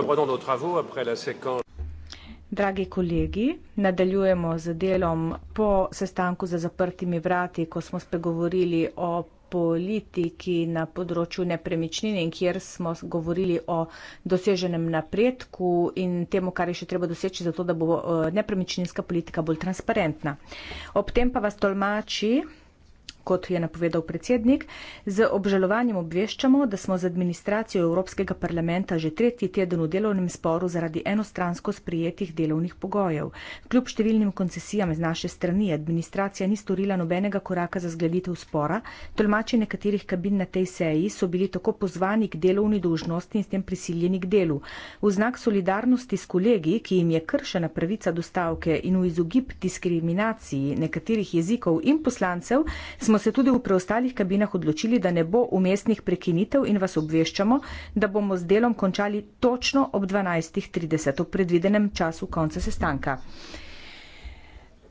reprenons nos travaux après la séquence. Dragi kolegi, nadaljujemo z delom po sestanku za zaprtimi vrati, ko smo spregovorili o politiki na področju nepremičnine in kjer smo govorili o doseženem napredku in temu, kar je še treba doseči, zato da bo eh, nepremičninska politika bolj transparentna. Ob tem pa vas tolmači kot je napovedal predsednik, z obžalovanjem obveščamo, da smo z administracijo Evropskega parlamenta že tretji teden v delovnem sporu zaradi enostransko sprijetih delovnih pogojev. Kljub številnim koncesijam z naše strani administracija ni storila nobenega koraka za zgleditev spora. Tolmači nekaterih kabin na tej seji so bili tako pozvani k delovni dolžnosti in s tem prisiljeni k delu. V znak solidarnosti s kolegi, ki jim je kršena pravica do stavke in v izogib diskriminaciji nekaterih jezikov in poslancev, smo smo se tudi v preostalih kabinah odločili, da ne bo umestnih prekinitev in vas obveščamo, da bomo z delom končali točno ob 12.30, ob predvidenem času konca sestanka.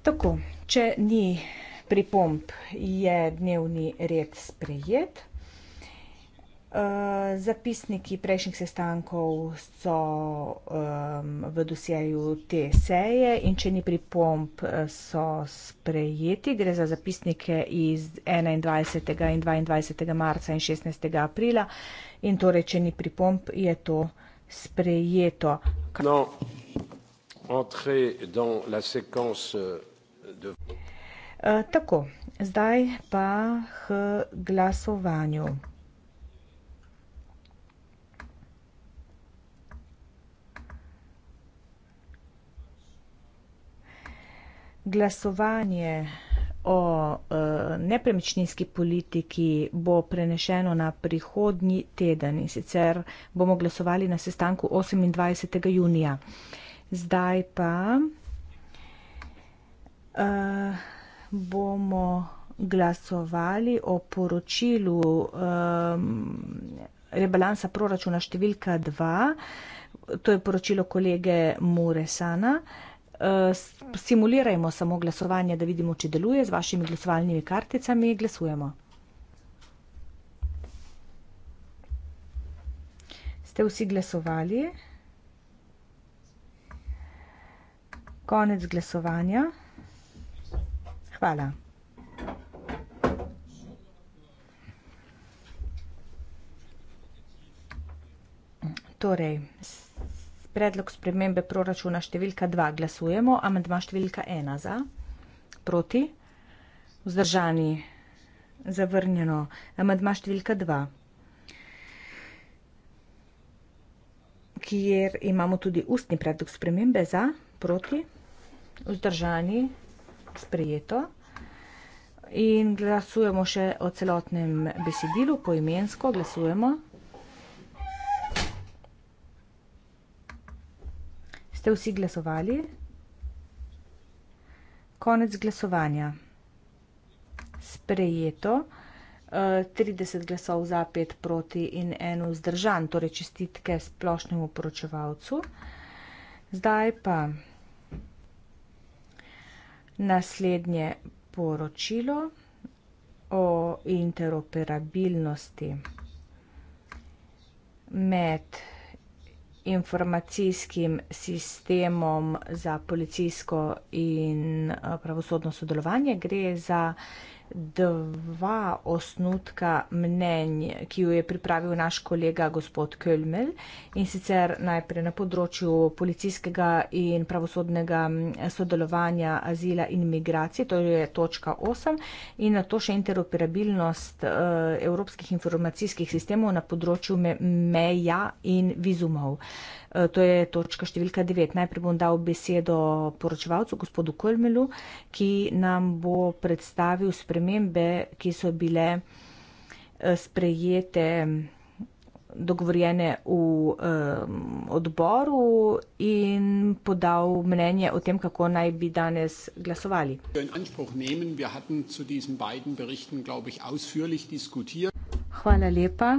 Tako, če ni pripomp, je dnevni red sprejet. Eh, zapisniki prejšnjih sestankov so um, v dosjeju te seje in če ni pripomp, eh, so sprejeti. Gre za zapisnike iz 21. in 22. marca in 16. aprila in torej, če ni pripomp, je to sprejeto. No. De... Uh, tako, zdaj pa k glasovanju. glasovanje o uh, nepremičninski politiki bo prenešeno na prihodnji teden in sicer bomo glasovali na sestanku 28. junija. Zdaj pa uh, bomo glasovali o poročilu um, rebalansa proračuna številka 2. To je poročilo kolege Muresana. Uh, Eh, simulirajmo samo glasovanje, da vidimo, če deluje. Z vašimi glasovalnimi karticami glasujemo. Ste vsi glasovali? Konec glasovanja. Hvala. Torej, predlog spremembe proračuna številka dva glasujemo, amandma številka ena za, proti, vzdržani, zavrnjeno, amandma številka dva, kjer imamo tudi ustni predlog spremembe za, proti, vzdržani, sprejeto in glasujemo še o celotnem besedilu, poimensko glasujemo. Ste vsi glasovali? Konec glasovanja. Sprejeto. 30 eh, glasov za, 5 proti in eno vzdržan, torej čestitke splošnemu poročevalcu. Zdaj pa naslednje poročilo o interoperabilnosti med informacijskim sistemom za policijsko in eh, pravosodno sodelovanje. Gre za dva osnutka mnenj, ki jo je pripravil naš kolega gospod Kölmel in sicer najprej na področju policijskega in pravosodnega sodelovanja azila in migracije, to je točka 8, in na to še interoperabilnost e, evropskih informacijskih sistemov na področju me meja in vizumov. Eh, to je točka številka 9. Najprej bom dal besedo poročevalcu, gospodu Kolmelu, ki nam bo predstavil spremembe, ki so bile eh, sprejete, dogovorjene v eh, odboru in podal mnenje o tem, kako naj bi danes glasovali. Hvala lepa.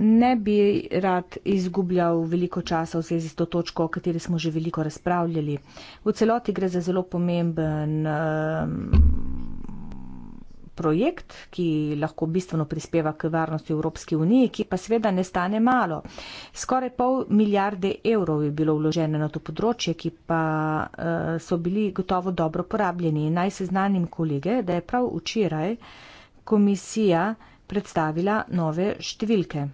Ne bi rad izgubljal veliko časa v zvezi s to točko, o kateri smo že veliko razpravljali. V celoti gre za zelo pomemben um, projekt, ki lahko bistveno prispeva k varnosti Evropske unije, ki pa seveda ne stane malo. Skoraj pol milijarde evrov je bilo vložene na to področje, ki pa uh, so bili gotovo dobro porabljeni. Naj se znanim kolege, da je prav včeraj komisija predstavila nove številke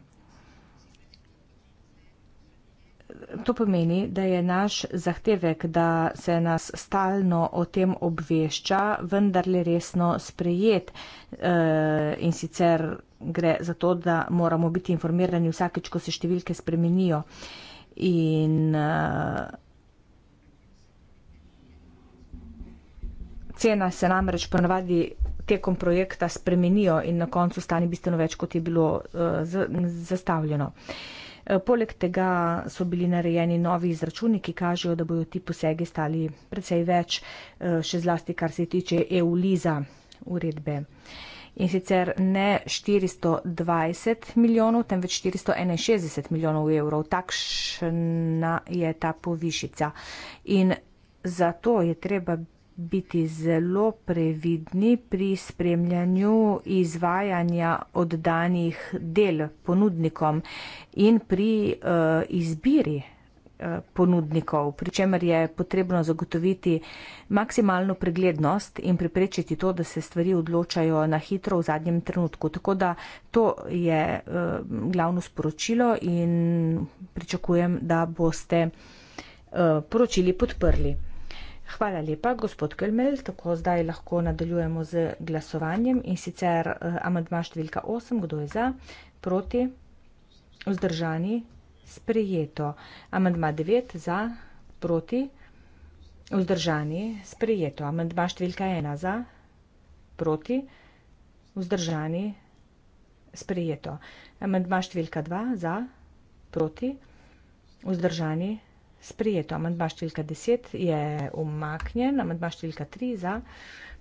to pomeni, da je naš zahtevek, da se nas stalno o tem obvešča, vendar le resno sprejet e, in sicer gre za to, da moramo biti informirani vsakeč, ko se številke spremenijo. In e, eh, cena se namreč ponavadi tekom projekta spremenijo in na koncu stane bistveno več, kot je bilo e, zastavljeno. E, Eh, poleg tega so bili narejeni novi izračuni, ki kažejo, da bodo ti posegi stali precej več, eh, še zlasti kar se tiče EU-liza uredbe. In sicer ne 420 milijonov, temveč 461 milijonov evrov. Takšna je ta povišica. In zato je treba biti biti zelo previdni pri spremljanju izvajanja oddanih del ponudnikom in pri uh, izbiri eh, ponudnikov, pri čemer je potrebno zagotoviti maksimalno preglednost in preprečiti to, da se stvari odločajo na hitro v zadnjem trenutku. Tako da to je eh, glavno sporočilo in pričakujem, da boste poročili podprli. Hvala lepa, gospod Kelmel. Tako zdaj lahko nadaljujemo z glasovanjem in sicer eh, amadma številka 8, kdo je za, proti, vzdržani, sprejeto. Amadma 9, za, proti, vzdržani, sprejeto. Amadma številka 1, za, proti, vzdržani, sprejeto. Amadma številka 2, za, proti, vzdržani, sprejeto sprejeto. Amandma številka 10 je umaknjen, amandma številka 3 za,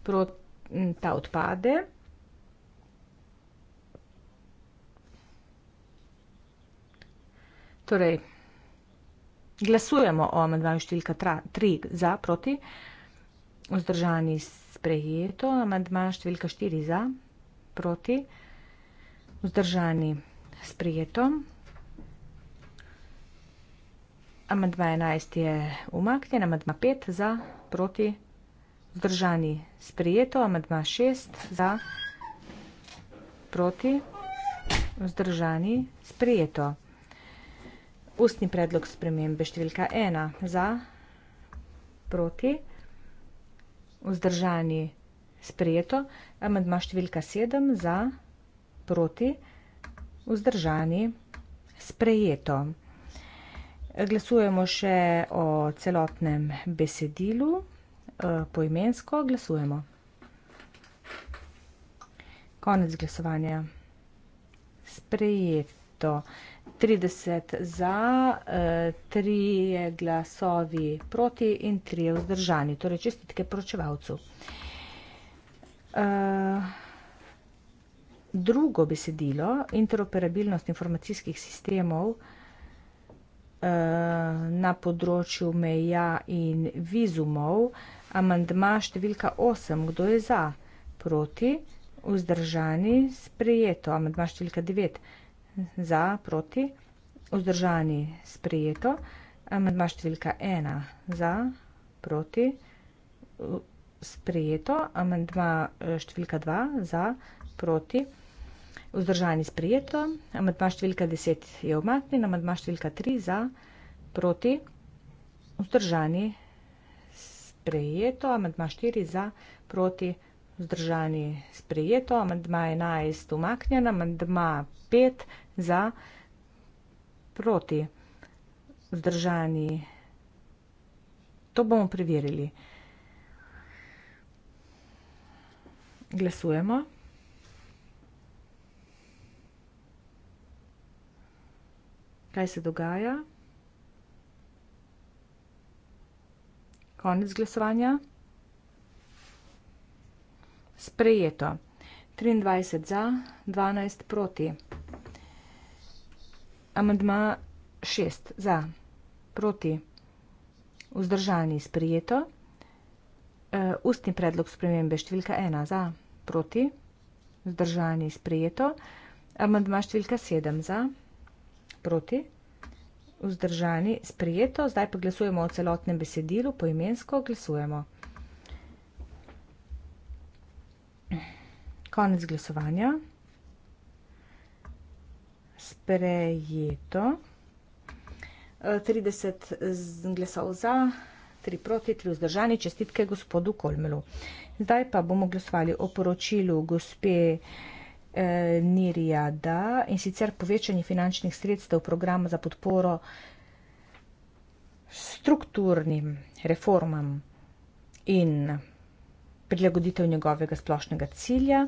prot, ta odpade. Torej, glasujemo o amandmaju številka 3 za, proti, vzdržani sprejeto, amandma številka 4 za, proti, vzdržani sprejeto. Amandma 11 je umaknjen, amandma 5 za, proti, vzdržani sprijeto, amandma 6 za, proti, vzdržani sprijeto. Ustni predlog spremembe številka 1 za, proti, vzdržani sprijeto, amandma številka 7 za, proti, vzdržani sprijeto. Glasujemo še o celotnem besedilu, eh, poimensko glasujemo. Konec glasovanja. Sprejeto. 30 za, 3 eh, glasovi proti in 3 vzdržani. Torej čestitke poročevalcu. Eh, drugo besedilo, interoperabilnost informacijskih sistemov, vzdržani. Eh, na področju meja in vizumov. Amandma številka 8, kdo je za, proti, vzdržani, sprejeto. Amandma številka 9, za, proti, vzdržani, sprejeto. Amandma številka 1, za, proti, sprejeto. Amandma eh, številka 2, za, proti, vzdržani. Vzdržani sprejeto. Amadma številka 10 je omaknjen. Amadma številka 3 za proti. Vzdržani sprejeto. Amadma 4 za proti. Vzdržani sprejeto. Amadma 11 omaknjen. Amadma 5 za proti. Vzdržani. To bomo preverili. Glasujemo. Glasujemo. kaj se dogaja. Konec glasovanja. Sprejeto. 23 za, 12 proti. Amandma 6 za, proti. Vzdržani sprejeto. E, ustni predlog spremembe številka 1 za, proti. Vzdržani sprejeto. Amandma številka 7 za, proti. Proti. Vzdržani. Sprijeto. Zdaj pa glasujemo o celotnem besedilu. Poimensko glasujemo. Konec glasovanja. Sprejeto. 30 glasov za, 3 proti, 3 vzdržani. Čestitke gospodu Kolmelu. Zdaj pa bomo glasovali o poročilu gospe eh, Nirija, da in sicer povečanje finančnih sredstev programa za podporo strukturnim reformam in prilagoditev njegovega splošnega cilja.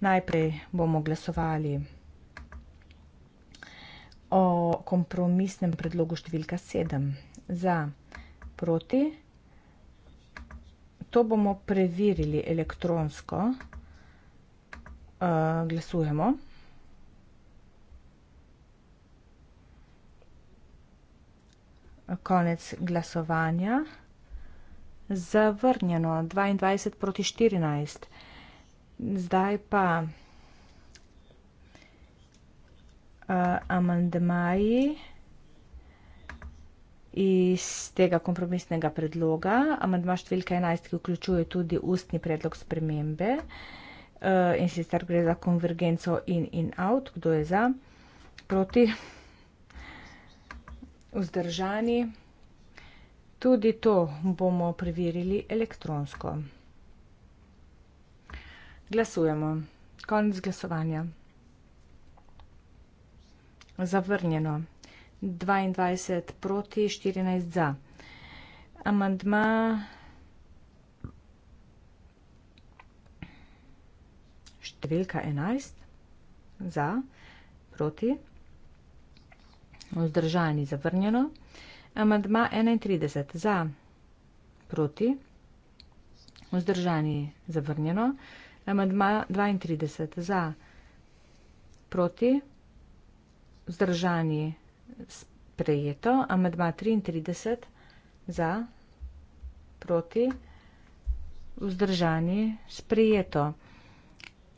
Najprej bomo glasovali o kompromisnem predlogu številka 7 za proti. To bomo preverili elektronsko uh, glasujemo. Konec glasovanja. Zavrnjeno 22 proti 14. Zdaj pa uh, amandemaji iz tega kompromisnega predloga. Amandma številka 11, ki vključuje tudi ustni predlog spremembe. Uh, Eh, in sicer gre za konvergenco in in out, kdo je za, proti, vzdržani. Tudi to bomo preverili elektronsko. Glasujemo. Konec glasovanja. Zavrnjeno. 22 proti, 14 za. Amandma številka enajst, za, proti, vzdržani, zavrnjeno, amadma enaintrideset, za, proti, vzdržani, zavrnjeno, amadma dvaintrideset, za, proti, vzdržani, sprejeto, amadma triintrideset, za, proti, vzdržani, sprejeto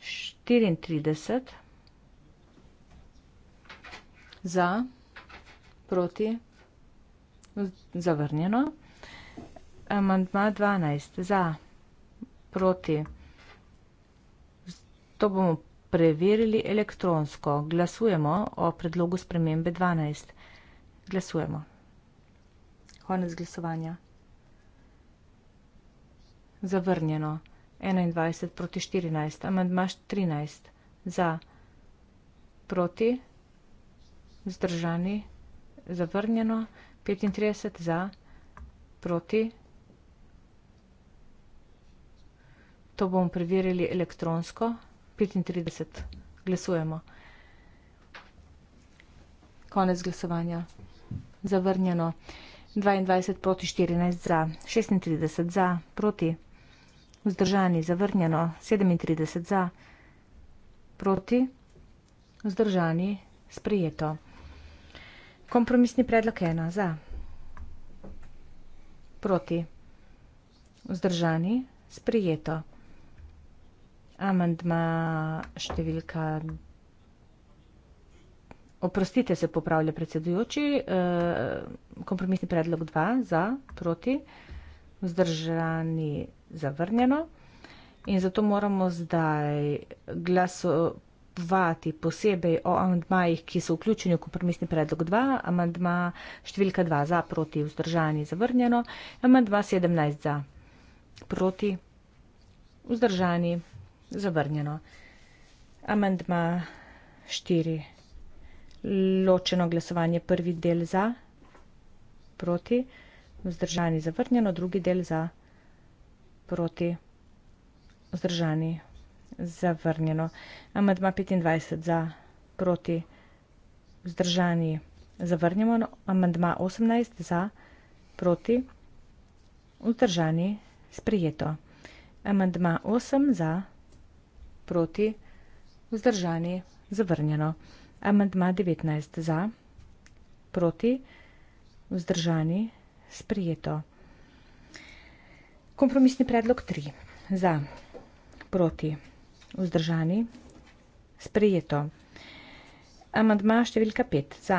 štiriintrideset za, proti, zavrnjeno. Amandma dvanajst za, proti. To bomo preverili elektronsko. Glasujemo o predlogu spremembe dvanajst. Glasujemo. Konec glasovanja. Zavrnjeno. 21 proti 14. Amandmaš 13 za proti, zdržani, zavrnjeno, 35 za proti. To bomo preverili elektronsko, 35 glasujemo. Konec glasovanja. Zavrnjeno. 22 proti 14 za, 36 za, proti. Vzdržani, zavrnjeno, 37 za, proti, vzdržani, sprijeto. Kompromisni predlog ena, za, proti, vzdržani, sprijeto. Amandma številka, oprostite se popravlja predsedujoči, eh, kompromisni predlog dva, za, proti, vzdržani, sprijeto zavrnjeno. In zato moramo zdaj glasovati posebej o amandmajih, ki so vključeni v kompromisni predlog 2, amandma številka 2 za, proti, vzdržani, zavrnjeno, amandma 17 za, proti, vzdržani, zavrnjeno, amandma 4, ločeno glasovanje, prvi del za, proti, vzdržani, zavrnjeno, drugi del za, proti proti vzdržani zavrnjeno. Amadma 25 za proti vzdržani zavrnjeno. Amadma 18 za proti vzdržani sprijeto. Amadma 8 za proti vzdržani zavrnjeno. Amadma 19 za proti vzdržani sprijeto. Kompromisni predlog 3. Za, proti, vzdržani, sprejeto. Amandma številka 5. Za,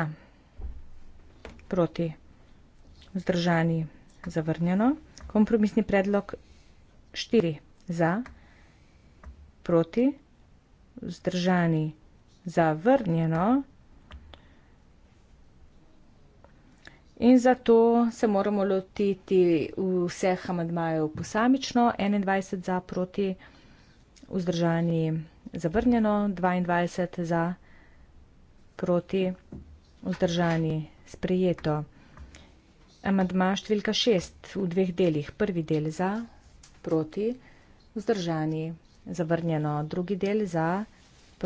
proti, vzdržani, zavrnjeno. Kompromisni predlog 4. Za, proti, vzdržani, zavrnjeno. In zato se moramo lotiti vseh amadmajev posamično, 21 za proti vzdržanji zavrnjeno, 22 za proti vzdržanji sprejeto. Amadma številka 6 v dveh delih. Prvi del za proti vzdržanji zavrnjeno, drugi del za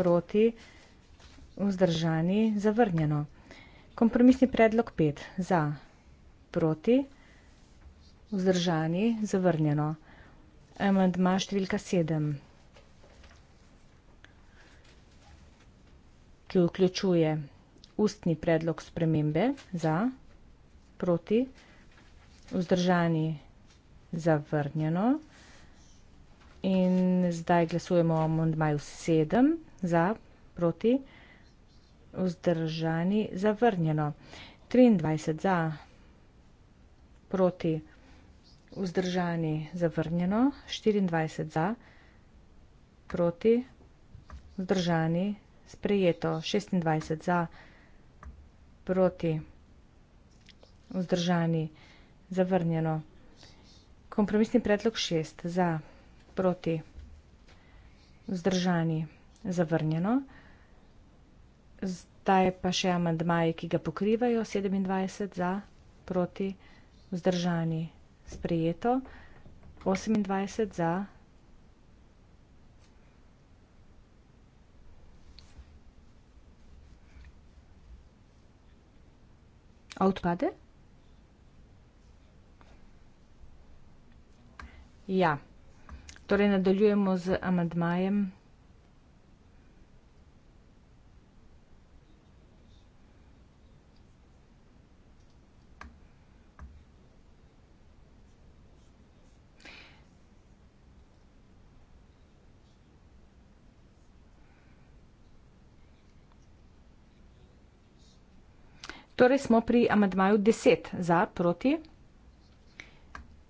proti vzdržanji zavrnjeno. Kompromisni predlog 5. Za, proti, vzdržani, zavrnjeno. Amandma številka 7, ki vključuje ustni predlog spremembe za, proti, vzdržani, zavrnjeno. In zdaj glasujemo o amandmaju 7 za, proti, vzdržani vzdržani, zavrnjeno. 23 za, proti, vzdržani, zavrnjeno. 24 za, proti, vzdržani, sprejeto. 26 za, proti, vzdržani, zavrnjeno. Kompromisni predlog 6 za, proti, vzdržani, zavrnjeno. 26 za, proti, vzdržani, zavrnjeno. Zdaj pa še amandmaji, ki ga pokrivajo, 27 za, proti, vzdržani, sprejeto, 28 za. A odpade? Ja, torej nadaljujemo z amandmajem. Torej smo pri amadmaju 10 za, proti,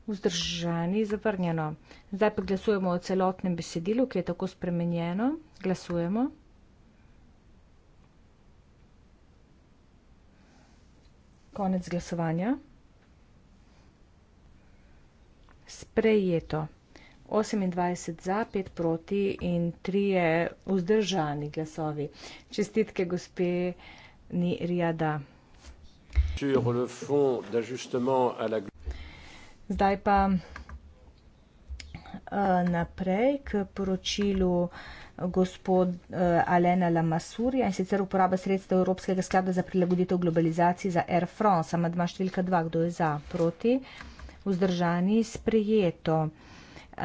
vzdržani, zavrnjeno. Zdaj pa glasujemo o celotnem besedilu, ki je tako spremenjeno. Glasujemo. Konec glasovanja. Sprejeto. 28 za, 5 proti in 3 je vzdržani glasovi. Čestitke gospe Nirjada sur le fonds d'ajustement à la Zdaj pa uh, naprej k poročilu eh, gospod uh, Alena Lamasurja in sicer uporaba sredstev Evropskega sklada za prilagoditev globalizaciji za Air France. Amadma številka 2, kdo je za, proti, vzdržani, sprejeto.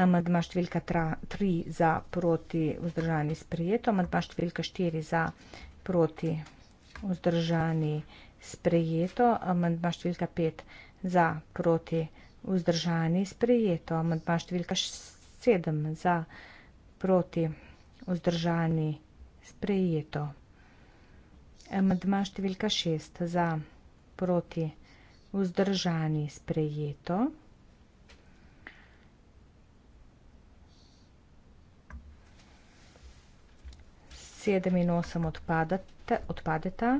Amadma številka 3 za, proti, vzdržani, sprejeto. Amadma številka 4 za, proti, vzdržani, sprejeto sprejeto, amandma številka 5 za, proti, vzdržani sprejeto, amandma številka 7 za, proti, vzdržani sprejeto, amandma številka 6 za, proti, vzdržani sprejeto. Sedem in osem odpadeta. odpadeta.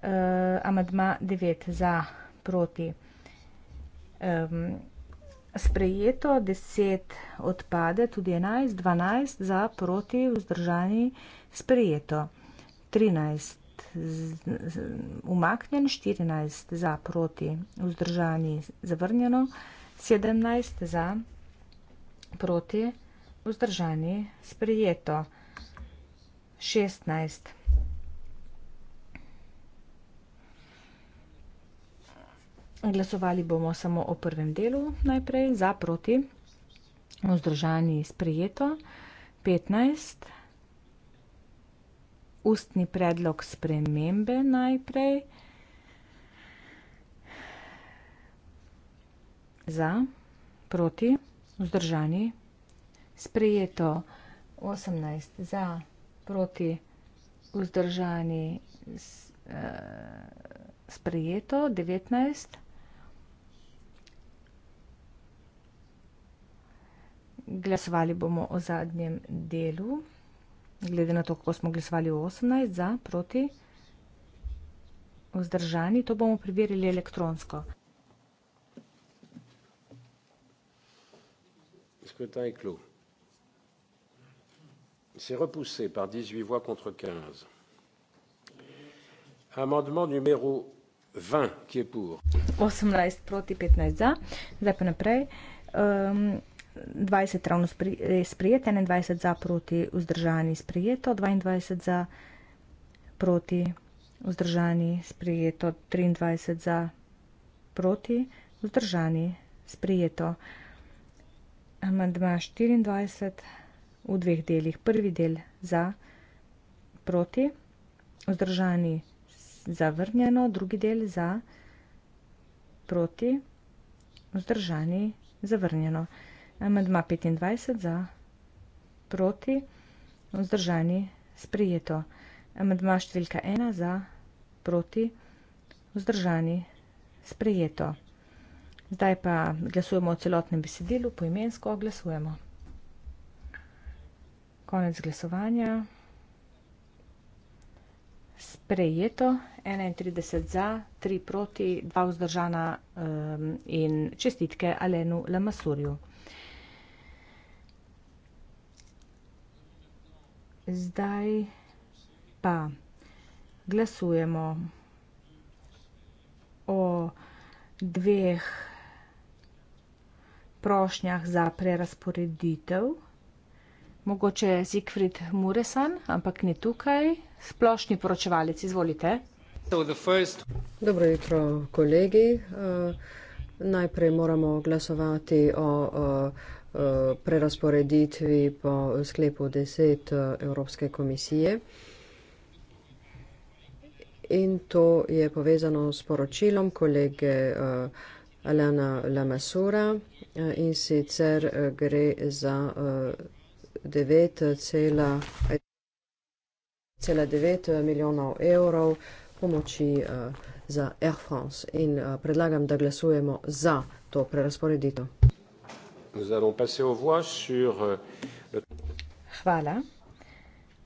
Eh, amadma devet za proti sprejeto, deset odpade, tudi enajst, dvanajst za proti vzdržani sprejeto, trinajst umaknjen, štirinajst za proti vzdržani zavrnjeno, sedemnajst za proti vzdržani sprejeto, šestnajst. Glasovali bomo samo o prvem delu najprej, za proti, vzdržani sprejeto, 15, ustni predlog spremembe najprej, za proti, vzdržani sprejeto, 18 za proti, vzdržani eh, sprejeto, 19 za proti, Glasovali bomo o zadnjem delu. Glede na to, kako smo glasovali 18 za, proti, vzdržani, to bomo preverili elektronsko. Skrutin je klo. Se je repusse par 18 voix contre 15. Amendement numero 20, ki je pour. 18 proti 15 za, zdaj pa naprej. Um, 20 ravno sprijeti, 21 za proti vzdržani sprijeto, 22 za proti vzdržani sprijeto, 23 za proti vzdržani sprijeto. Amandma 24 v dveh delih. Prvi del za proti, vzdržani zavrnjeno, drugi del za proti, vzdržani zavrnjeno. Amandma 25 za, proti, vzdržani, sprijeto. Amandma številka 1 za, proti, vzdržani, sprijeto. Zdaj pa glasujemo o celotnem besedilu, poimensko glasujemo. Konec glasovanja. Sprejeto, 31 za, 3 proti, 2 vzdržana um, in čestitke Alenu Lamasurju. Zdaj pa glasujemo o dveh prošnjah za prerasporeditev. Mogoče je Zigfrid Muresan, ampak ni tukaj. Splošni poročevalec, izvolite. First... Dobro jutro, kolegi. Uh, najprej moramo glasovati o uh, Eh, prerasporeditvi po sklepu 10 eh, Evropske komisije. In to je povezano s poročilom kolege eh, Alena Lamasura in sicer gre za 9,9 milijonov evrov pomoči za Air France. In predlagam, da glasujemo za to prerasporeditev. Euh, Hvala.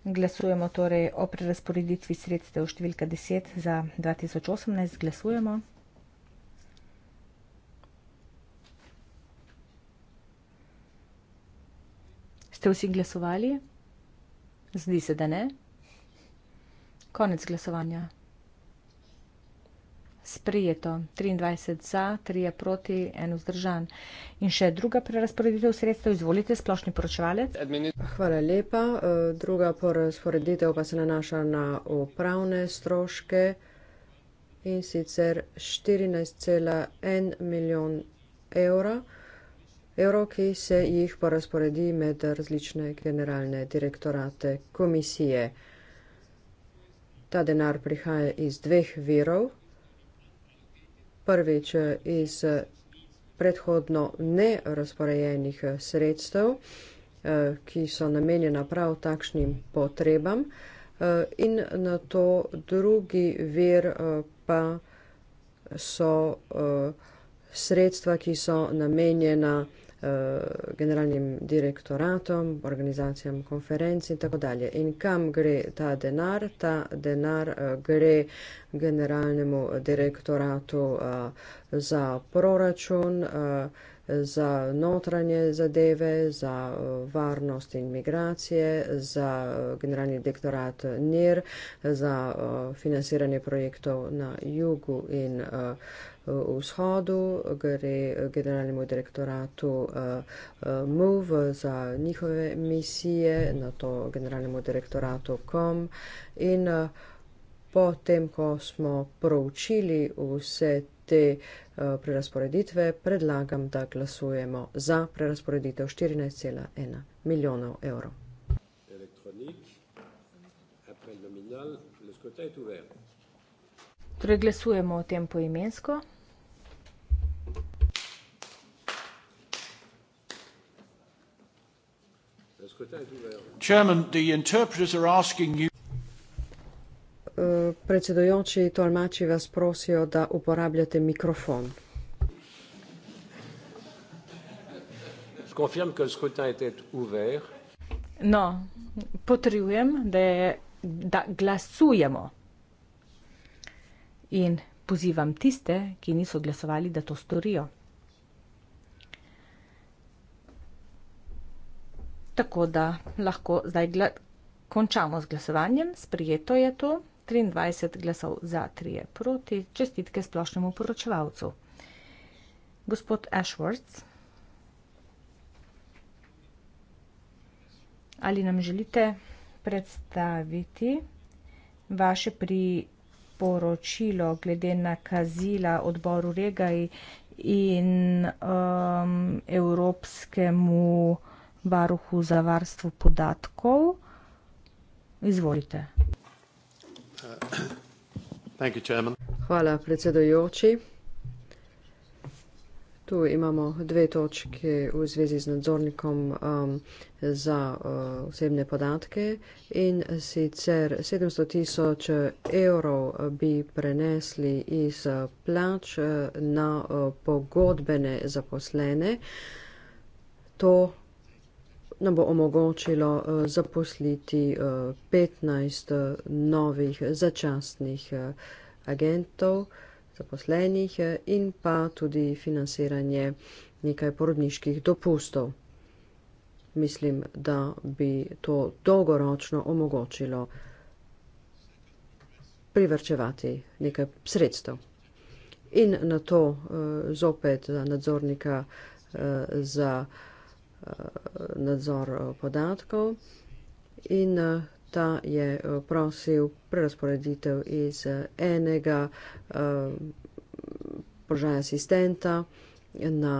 Glasujemo torej o prerasporeditvi sredstev številka deset za dva tisoč osemnajst. Glasujemo. Ste vsi glasovali? Zdi se, da ne. Konec glasovanja sprejeto. 23 za, 3 je proti, 1 vzdržan. In še druga prerasporeditev sredstev, izvolite, splošni poročevalec. Hvala lepa. E, druga prerasporeditev pa se nanaša na upravne stroške in sicer 14,1 milijon evra, evrov, ki se jih porazporedi med različne generalne direktorate komisije. Ta denar prihaja iz dveh virov prvič iz predhodno nerazporejenih sredstev, eh, ki so namenjena prav takšnim potrebam eh, in na to drugi vir eh, pa so sredstva, ki so namenjena Eh, generalnim direktoratom, organizacijam konferenc in tako dalje. In kam gre ta denar? Ta denar eh, gre generalnemu direktoratu eh, za proračun za notranje zadeve, za eh, varnost in migracije, za eh, generalni direktorat NIR, za eh, financiranje projektov na jugu in v vzhodu, gre generalnemu direktoratu MOV za njihove misije, na to generalnemu direktoratu COM in potem, ko smo proučili vse te te eh, prerasporeditve predlagam, da glasujemo za prerasporeditev 14,1 milijonov evrov. Torej glasujemo o tem poimensko. Chairman, the interpreters are asking you. Eh, predsedujoči tolmači vas prosijo, da uporabljate mikrofon. No, potrjujem, da, da glasujemo in pozivam tiste, ki niso glasovali, da to storijo. Tako da lahko zdaj gla končamo z glasovanjem, sprijeto je to. 23 glasov za, 3 proti. Čestitke splošnemu poročevalcu. Gospod Ashworth, ali nam želite predstaviti vaše priporočilo glede na kazila odboru Regaj in um, Evropskemu varuhu za varstvo podatkov? Izvolite. Hvala, predsedojoči. Tu imamo dve točke v zvezi z nadzornikom um, za uh, osebne podatke in sicer 700 tisoč evrov bi prenesli iz plač uh, na uh, pogodbene zaposlene. To nam bo omogočilo eh, zaposliti 15 eh, eh, novih začasnih agentov, zaposlenih in pa tudi financiranje nekaj porodniških dopustov. Mislim, da bi to dolgoročno omogočilo privrčevati nekaj sredstev. In na to zopet nadzornika za nadzornika nadzor eh, podatkov in eh, ta je eh, prosil prerasporeditev iz enega položaja asistenta na,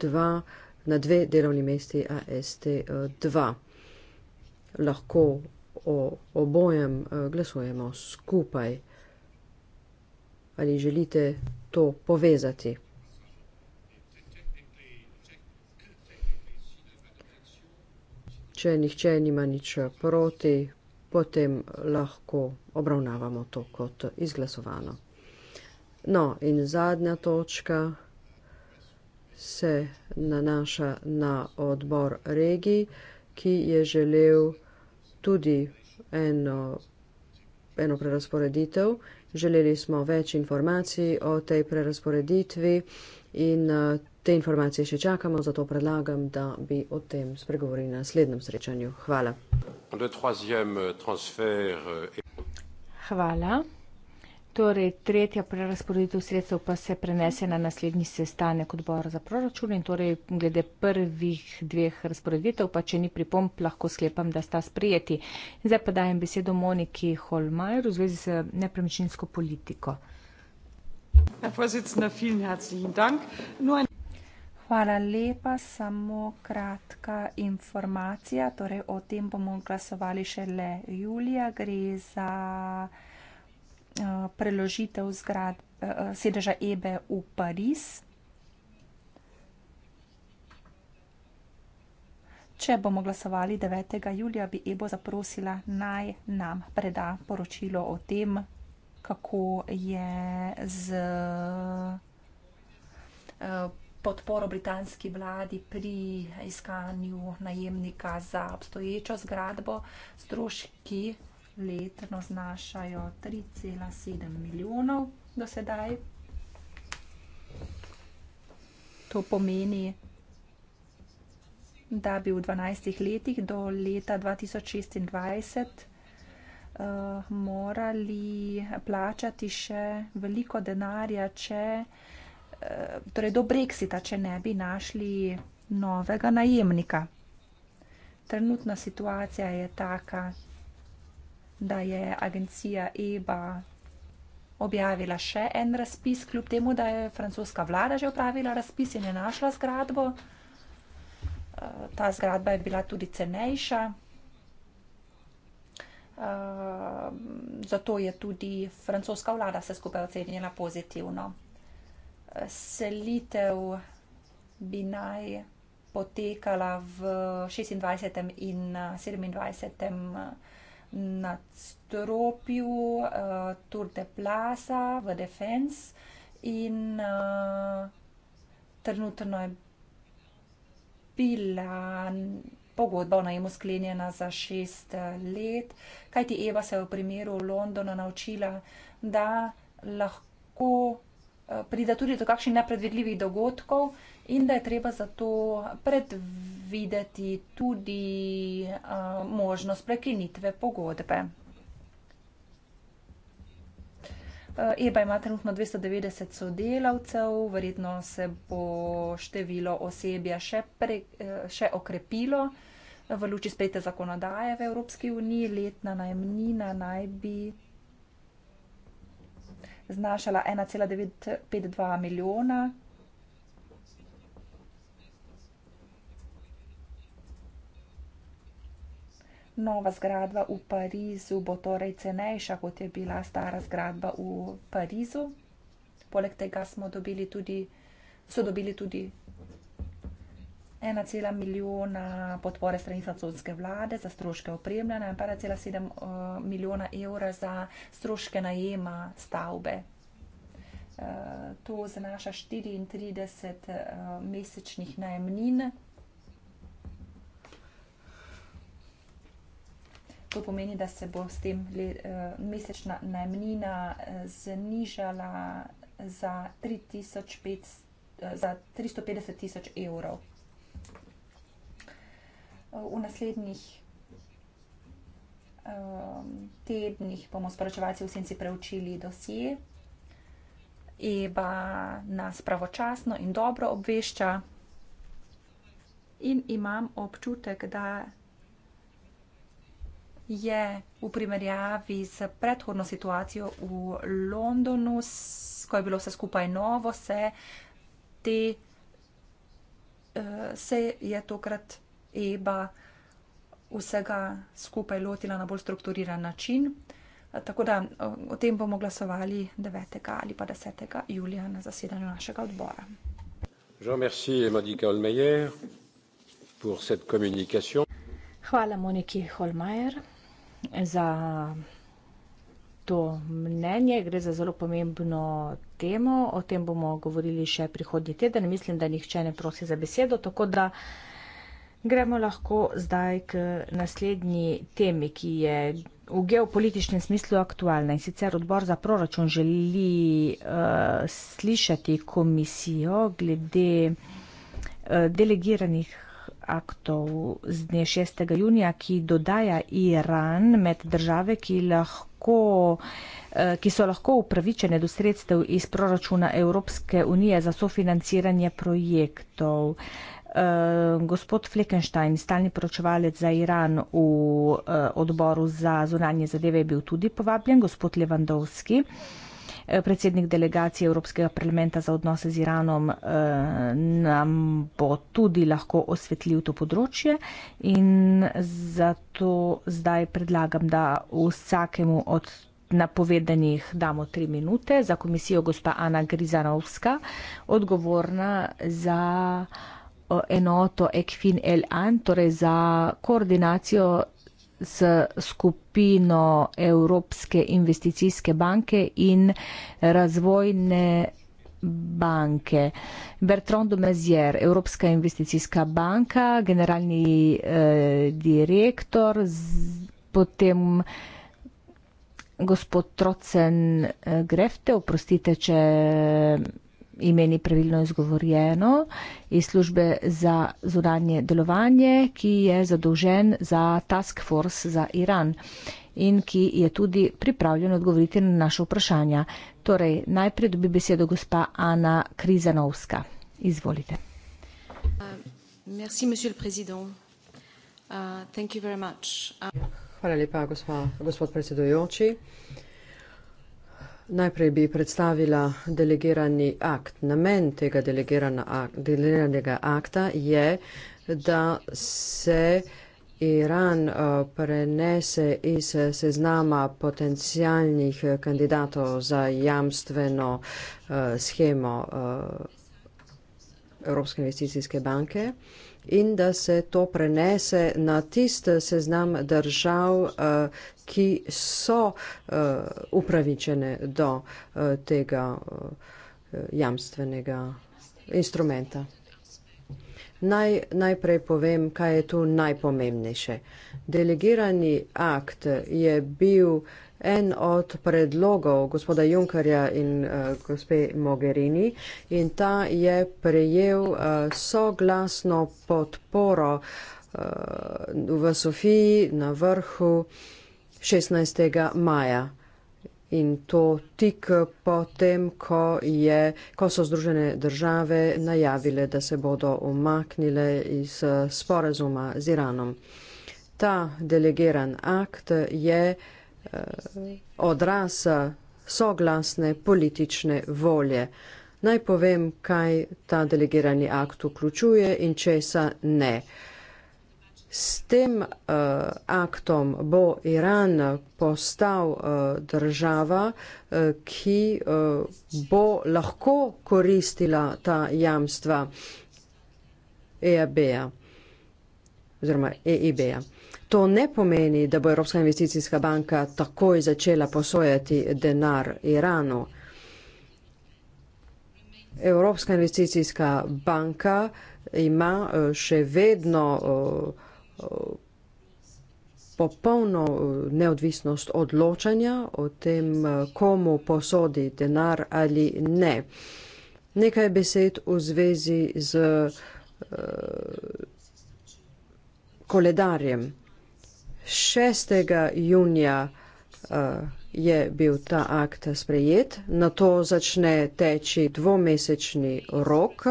dva, na dve delovni mesti AST2. Lahko o obojem glasujemo skupaj. Ali želite to povezati? Če nihče nima nič eh, proti, potem lahko obravnavamo to kot izglasovano. No, in zadnja točka se nanaša na odbor regij, ki je želel tudi eno, eno prerasporeditev. Želeli smo več informacij o tej prerasporeditvi. In eh, te informacije še čakamo, zato predlagam, da bi o tem spregovorili na naslednjem srečanju. Hvala. Eh, Hvala. Torej, tretja prerasporeditev sredstev pa se prenese na naslednji sestanek odbora za proračun in torej glede prvih dveh razporeditev, pa če ni pripomp, lahko sklepam, da sta sprijeti. Zdaj pa dajem besedo Moniki Holmajer v zvezi z nepremičninsko politiko. Hvala lepa. Samo kratka informacija. Torej, o tem bomo glasovali šele julija. Gre za eh, preložitev zgrad, eh, sedeža Ebe v Pariz. Če bomo glasovali 9. julija, bi Ebo zaprosila naj nam preda poročilo o tem kako je z eh, podporo britanski vladi pri iskanju najemnika za obstoječo zgradbo stroški letno znašajo 3,7 milijonov do sedaj. To pomeni, da bi v 12 letih do leta 2026 uh, morali plačati še veliko denarja, če, uh, torej do Brexita, če ne bi našli novega najemnika. Trenutna situacija je taka, da je agencija EBA objavila še en razpis, kljub temu, da je francoska vlada že upravila razpis in je našla zgradbo. Eh, ta zgradba je bila tudi cenejša, Ehm, zato je tudi francoska vlada se skupaj ocenjena pozitivno. Eh, selitev bi naj potekala v 26. in 27. Eh, eh, nadstropju uh, Tour de Plaza v Defense in uh, trenutno je bila pogodba o najmu sklenjena za šest eh, let, kajti Eva se je v primeru Londona naučila, da lahko eh, pride tudi do kakšnih nepredvidljivih dogodkov in da je treba za to predvideti tudi uh, možnost prekinitve pogodbe. Eh, EBA ima trenutno 290 sodelavcev, verjetno se bo število osebja še, pre, eh, še okrepilo v luči sprejete zakonodaje v Evropski uniji. Letna najmnina naj bi znašala 1,952 milijona Nova zgradba v Parizu bo torej cenejša, kot je bila stara zgradba v Parizu. Poleg tega dobili tudi, so dobili tudi 1,1 milijona podpore strani francoske vlade za stroške opremljanja in 1,7 eh, milijona evra za stroške najema stavbe. Eh, to znaša 34 eh, mesečnih najemnin. To pomeni, da se bo s tem le, eh, mesečna najmnina eh, znižala za, 3500, eh, za 350 tisoč evrov. V naslednjih ehm, tednih bomo s poročevalci v senci preučili dosije. Eba nas pravočasno in dobro obvešča in imam občutek, da je v primerjavi s predhodno situacijo v Londonu, ko je bilo vse skupaj novo, se, te, eh, se je tokrat EBA vsega skupaj lotila na bolj strukturiran način. Eh, tako da eh, o tem bomo glasovali 9. ali pa 10. julija na zasedanju našega odbora. Hvala, Moniki Holmajer za to mnenje. Gre za zelo pomembno temo. O tem bomo govorili še prihodnji teden. Mislim, da nihče ne prosi za besedo, tako da gremo lahko zdaj k naslednji temi, ki je v geopolitičnem smislu aktualna. In sicer odbor za proračun želi uh, slišati komisijo glede uh, delegiranih uh, aktov z dne 6. junija, ki dodaja Iran med države, ki lahko eh, ki so lahko upravičene do sredstev iz proračuna Evropske unije za sofinanciranje projektov. Eh, gospod Fleckenstein, stalni poročevalec za Iran v eh, odboru za zunanje zadeve, je bil tudi povabljen, gospod Levandovski. Eh, predsednik delegacije Evropskega parlamenta za odnose z Iranom eh, nam bo tudi lahko osvetlil to področje in zato zdaj predlagam, da vsakemu od napovedanih damo tri minute za komisijo gospa Ana Grizanovska, odgovorna za eh, enoto Ekfin El An, torej za koordinacijo s skupino Evropske investicijske banke in razvojne banke. Bertrand de Mezier, Evropska investicijska banka, generalni eh, direktor, z, potem gospod Trocen eh, Grefte, oprostite, če eh, ime ni pravilno izgovorjeno, iz službe za zunanje delovanje, ki je zadolžen za task force za Iran in ki je tudi pripravljen odgovoriti na naše vprašanja. Torej, najprej dobi besedo gospa Ana Krizanovska. Izvolite. Uh, merci, monsieur le président. Uh, thank you very much. Uh... Hvala lepa, gospa, gospod predsedujoči. Uh, Najprej bi predstavila delegirani akt. Namen tega delegiranega akta je, da se Iran eh, prenese iz seznama potencijalnih kandidatov za jamstveno eh, schemo eh, Evropske investicijske banke in da se to prenese na tist seznam držav, eh, ki so eh, upravičene do eh, tega jamstvenega instrumenta. Naj, najprej povem, kaj je tu najpomembnejše. Delegirani akt je bil uh, en od predlogov gospoda Junkarja in uh, gospe Mogherini in ta je prejel uh, soglasno podporo uh, v Sofiji na vrhu 16. maja. In to tik po tem, ko, je, ko so Združene države najavile, da se bodo umaknile iz sporazuma z Iranom. Ta delegeran akt je uh, Eh, odraz soglasne politične volje. Naj povem, kaj ta delegirani akt vključuje in česa ne. S tem uh, aktom bo Iran postal uh, država, uh, ki uh, bo lahko koristila ta jamstva EIB-a. -ja, -ja. To ne pomeni, da bo Evropska investicijska banka takoj začela posojati denar Iranu. Evropska investicijska banka ima eh, še vedno eh, eh, popolno neodvisnost odločanja o tem, komu posodi denar ali ne. Nekaj besed v zvezi z koledarjem. 6. junija uh, je bil ta akt sprejet, na to začne teči dvomesečni rok.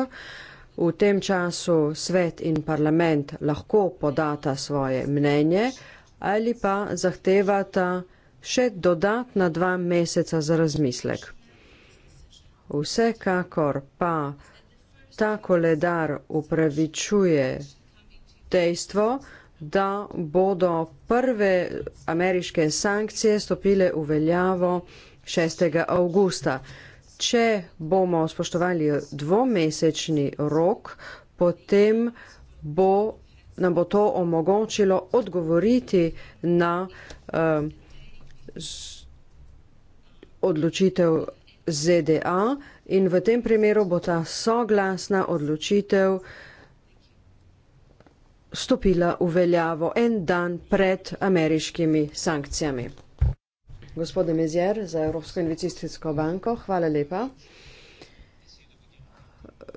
V tem času svet in parlament lahko podata svoje mnenje ali pa zahtevata še dodatna dva meseca za razmislek. Vsekakor pa ta koledar upravičuje dejstvo, da bodo prve ameriške sankcije stopile v veljavo 6. avgusta. Če bomo spoštovali dvomesečni rok, potem bo, nam bo to omogočilo odgovoriti na uh, odločitev ZDA in v tem primeru bo ta soglasna odločitev uh, stopila v veljavo en dan pred ameriškimi sankcijami. Gospode Mezjer za Evropsko investicijsko banko, hvala lepa.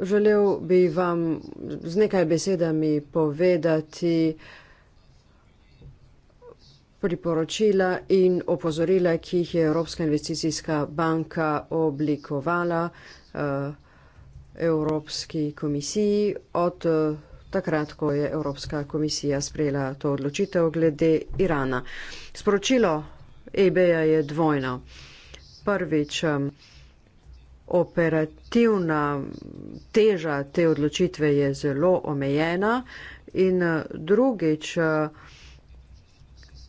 Želel bi vam z nekaj besedami povedati priporočila in opozorila, ki jih je Evropska investicijska banka oblikovala uh, Evropski komisiji od uh, takrat, ko je Evropska komisija sprejela to odločitev glede Irana. Sporočilo EBA je dvojno. Prvič, operativna teža te odločitve je zelo omejena in eh, drugič, eh,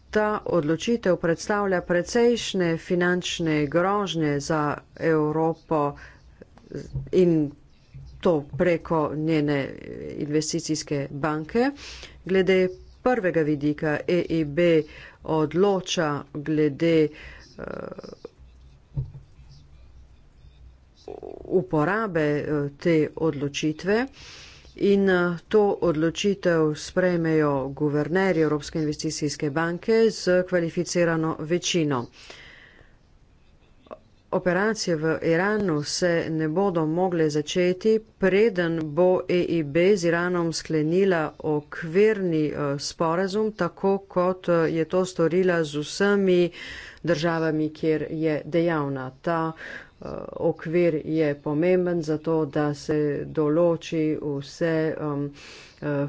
ta odločitev predstavlja precejšne finančne grožnje za Evropo in to preko njene investicijske banke. Glede prvega vidika EIB odloča glede eh, uporabe eh, te odločitve in eh, to odločitev sprejmejo guvernerji Evropske investicijske banke z kvalificirano večino operacije v Iranu se ne bodo mogle začeti, preden bo EIB z Iranom sklenila okvirni eh, sporazum, tako kot eh, je to storila z vsemi državami, kjer je dejavna. Ta eh, okvir je pomemben zato, da se določi vse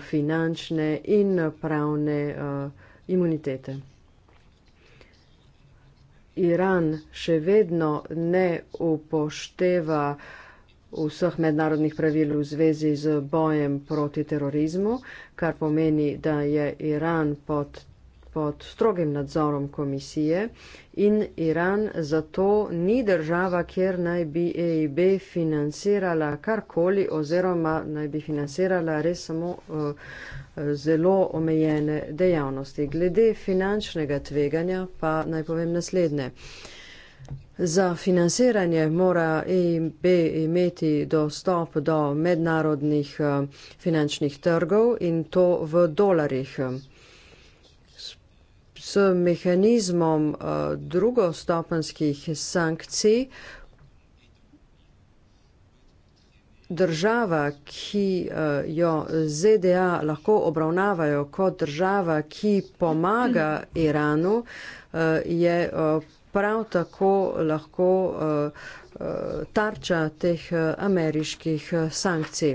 finančne in pravne imunitete. Iran še vedno ne upošteva vseh mednarodnih pravil v zvezi z bojem proti terorizmu, kar pomeni, da je Iran pod pod strogim nadzorom komisije in Iran zato ni država, kjer naj bi EIB financirala karkoli oziroma naj bi financirala res samo eh, zelo omejene dejavnosti. Glede finančnega tveganja pa naj povem naslednje. Za financiranje mora EIB imeti dostop do mednarodnih eh, finančnih trgov in to v dolarjih s mehanizmom eh, drugostopanskih sankcij država, ki eh, jo ZDA lahko obravnavajo kot država, ki pomaga Iranu, eh, je prav tako lahko tarča teh ameriških sankcij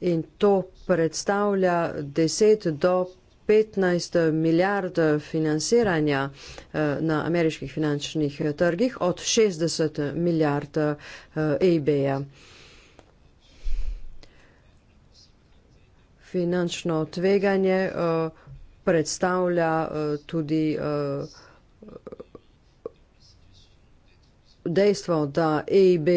in to predstavlja 10 do 15 milijard financiranja eh, na ameriških finančnih eh, trgih od 60 milijard EIB-ja. Eh, e Finančno tveganje predstavlja tudi dejstvo, da EIB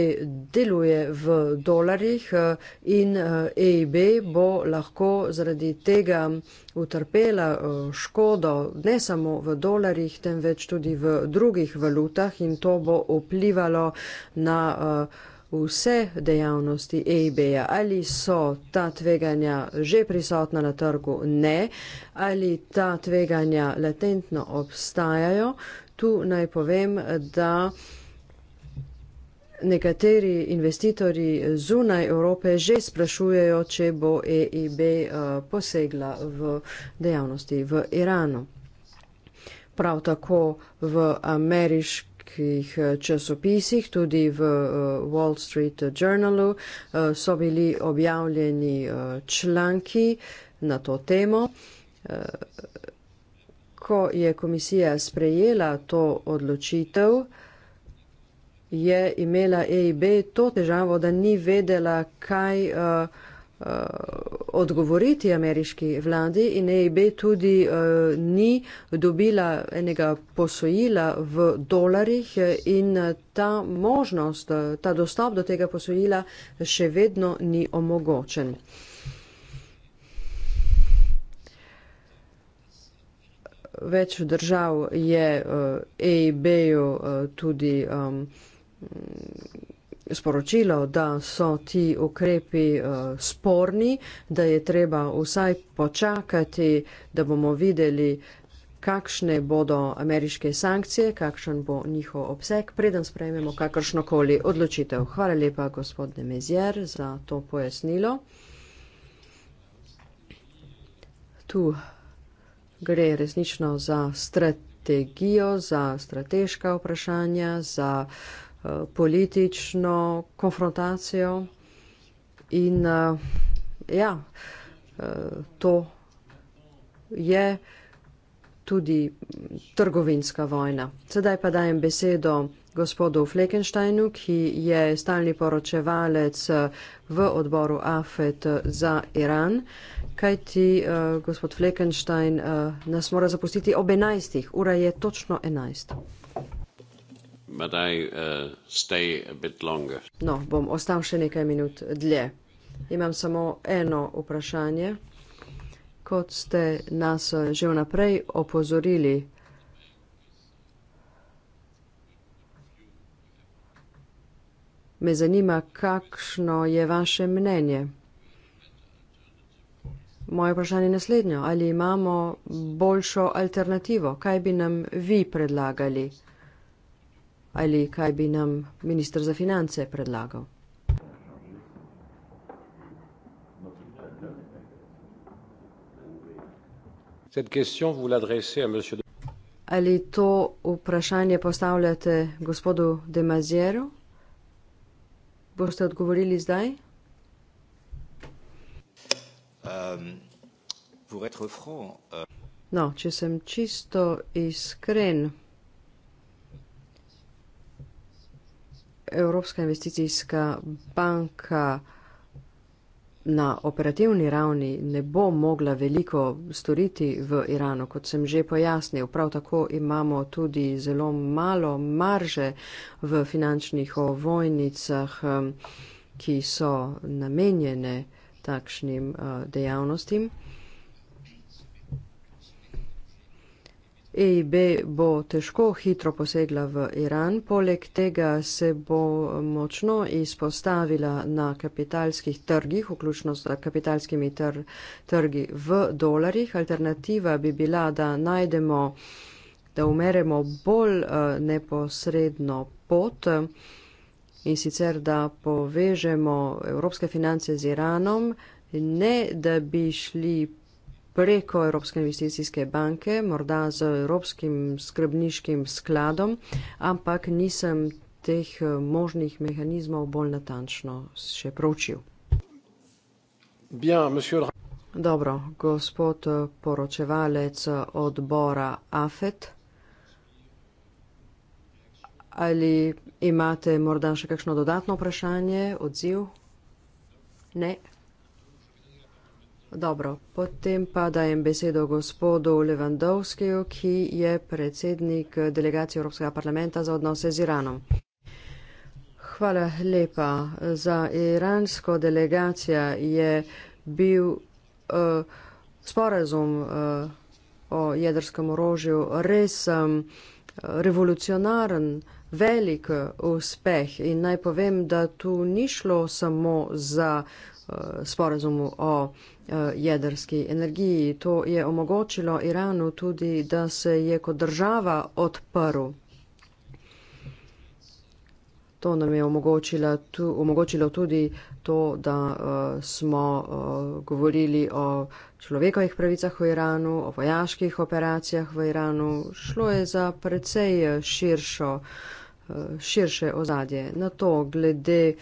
deluje v dolarjih eh, in EIB eh, e bo lahko zaradi tega mm, utrpela eh, škodo ne samo v dolarjih, temveč tudi v drugih valutah in to bo vplivalo na vse dejavnosti EIB-ja. Ali so ta tveganja že prisotna na trgu? Ne. Ali ta tveganja latentno obstajajo? Tu naj povem, da nekateri investitorji zunaj Evrope že sprašujejo, če bo EIB eh, posegla v dejavnosti v Iranu. Prav tako v ameriški eh, časopisih, tudi v eh, Wall Street Journalu, so bili objavljeni članki na to temo. Ko je komisija sprejela to odločitev, je imela EIB to težavo, da ni vedela, kaj uh, uh, odgovoriti ameriški vladi in EIB tudi uh, ni dobila enega posojila v dolarjih in uh, ta možnost, uh, ta dostop do tega posojila še vedno ni omogočen. Več držav je uh, EIB-ju uh, tudi um, sporočilo, da so ti ukrepi uh, sporni, da je treba vsaj počakati, da bomo videli, kakšne bodo ameriške sankcije, kakšen bo njihov obseg, preden sprejmemo kakršnokoli odločitev. Hvala lepa, gospod Demezjer, za to pojasnilo. Tu gre resnično za strategijo, za strateška vprašanja, za uh, Eh, politično konfrontacijo in eh, ja, eh, to je tudi trgovinska vojna. Sedaj pa dajem besedo gospodu Fleckensteinu, ki je stalni poročevalec v odboru AFET za Iran. Kaj ti, gospod Fleckenstein, nas mora zapustiti ob 11. Ura je točno 11. But I, uh, stay a bit no, bom ostal še nekaj minut dlje. Imam samo eno vprašanje. Kot ste nas eh, že vnaprej opozorili, me zanima, kakšno je vaše mnenje. Moje vprašanje je naslednjo. Ali imamo boljšo alternativo? Kaj bi nam vi predlagali? ali kaj bi nam ministr za finance predlagal. Ali to vprašanje postavljate gospodu De Mazieru? Boste odgovorili zdaj? Um, euh- no, če sem čisto iskren, Evropska investicijska banka na operativni ravni ne bo mogla veliko storiti v Iranu, kot sem že pojasnil. Prav tako imamo tudi zelo malo marže v finančnih ovojnicah, um, ki so namenjene takšnim uh, dejavnostim. EIB bo težko hitro posegla v Iran, poleg tega se bo močno izpostavila na kapitalskih trgih, vključno s kapitalskimi tr trgi v dolarjih. Alternativa bi bila, da najdemo, da umeremo bolj eh, neposredno pot in sicer, da povežemo evropske finance z Iranom, ne da bi šli preko Evropske investicijske banke, morda z Evropskim skrbniškim skladom, ampak nisem teh eh, možnih mehanizmov bolj natančno še pročil. Bien, monsieur... Dobro, gospod eh, poročevalec eh, odbora AFET, ali imate morda še kakšno dodatno vprašanje, odziv? Ne. Dobro, potem pa dajem besedo gospodu Levandovskiju, ki je predsednik delegacije Evropskega parlamenta za odnose z Iranom. Hvala lepa. Za iransko delegacijo je bil uh, sporazum uh, o jedrskem orožju res um, revolucionaren, velik eh, uspeh. In naj povem, da tu ni šlo samo za Eh, sporazumu o eh, jedrski energiji. To je omogočilo Iranu tudi, da se je kot država odprl. To nam je omogočilo, tu, omogočilo tudi to, da uh, smo uh, govorili o človekovih pravicah v Iranu, o vojaških operacijah v Iranu. Šlo je za precej širšo uh, širše ozadje. Na to, glede eh,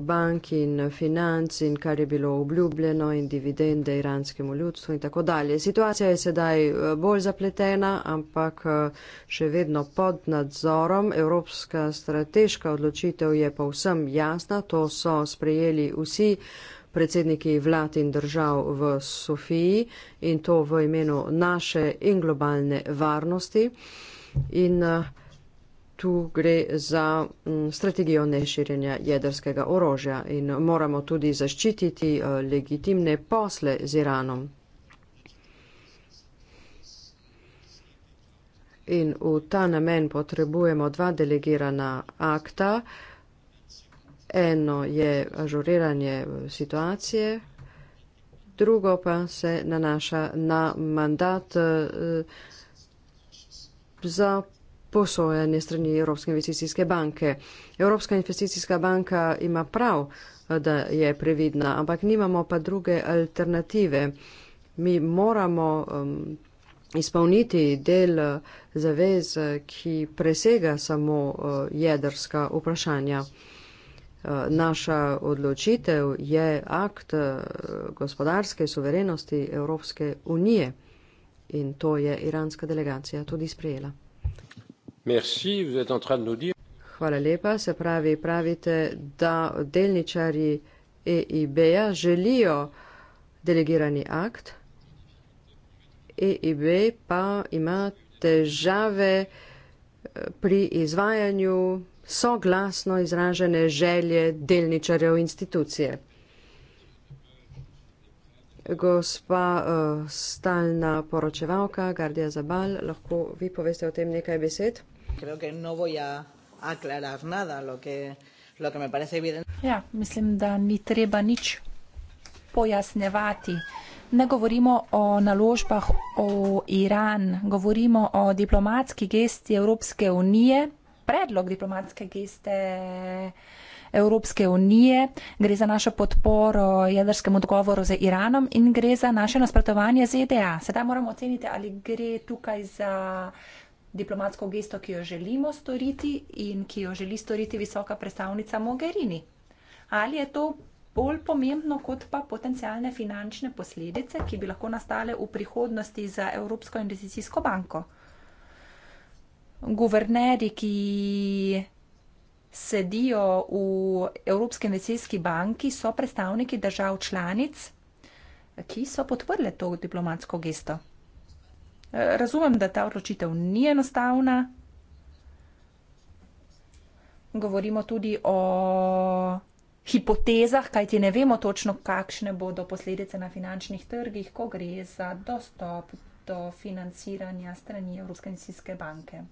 bank in financ in kar je bilo obljubljeno in dividende iranskemu ljudstvu in tako dalje. Situacija je sedaj eh, bolj zapletena, ampak eh, še vedno pod nadzorom. Evropska strateška odločitev je povsem jasna, to so sprejeli vsi predsedniki vlad in držav v Sofiji in to v imenu naše in globalne varnosti. In, uh, tu gre za mm, strategijo neširjenja jedrskega orožja in moramo tudi zaščititi eh, legitimne posle z Iranom. In v ta namen potrebujemo dva delegirana akta. Eno je ažuriranje eh, situacije, drugo pa se nanaša na mandat eh, za posojanje strani Evropske investicijske banke. Evropska investicijska banka ima prav, da je previdna, ampak nimamo pa druge alternative. Mi moramo um, izpolniti del uh, zavez, uh, ki presega samo uh, jedrska vprašanja. Uh, naša odločitev je akt gospodarske suverenosti Evropske unije in to je iranska delegacija tudi sprejela. Merci, vous êtes en train de nous dire. Hvala lepa, se pravi, pravite, da delničari EIB-ja želijo delegirani akt, EIB pa ima težave eh, pri izvajanju soglasno izražene želje delničarjev institucije. Gospa uh, stalna poročevalka Gardija Zabal, lahko vi poveste o tem nekaj besed? creo que no voy a aclarar nada lo que, lo que me parece evidente. Ja, mislim, da ni treba nič pojasnevati. Ne govorimo o naložbah v Iran, govorimo o diplomatski gesti Evropske unije, predlog diplomatske geste Evropske unije, gre za našo podporo jedrskemu odgovoru z Iranom in gre za naše nasprotovanje ZDA. Sedaj moramo oceniti, ali gre tukaj za diplomatsko gesto, ki jo želimo storiti in ki jo želi storiti visoka predstavnica Mogherini. Ali je to bolj pomembno kot pa potencijalne finančne posledice, ki bi lahko nastale v prihodnosti za Evropsko investicijsko banko? Guvernerji, ki sedijo v Evropski investicijski banki, so predstavniki držav članic, ki so podprle to diplomatsko gesto. Razumem, da ta odločitev ni enostavna. Govorimo tudi o hipotezah, kajti ne vemo točno, kakšne bodo posledice na finančnih trgih, ko gre za dostop do financiranja strani Evropske investicijske banke.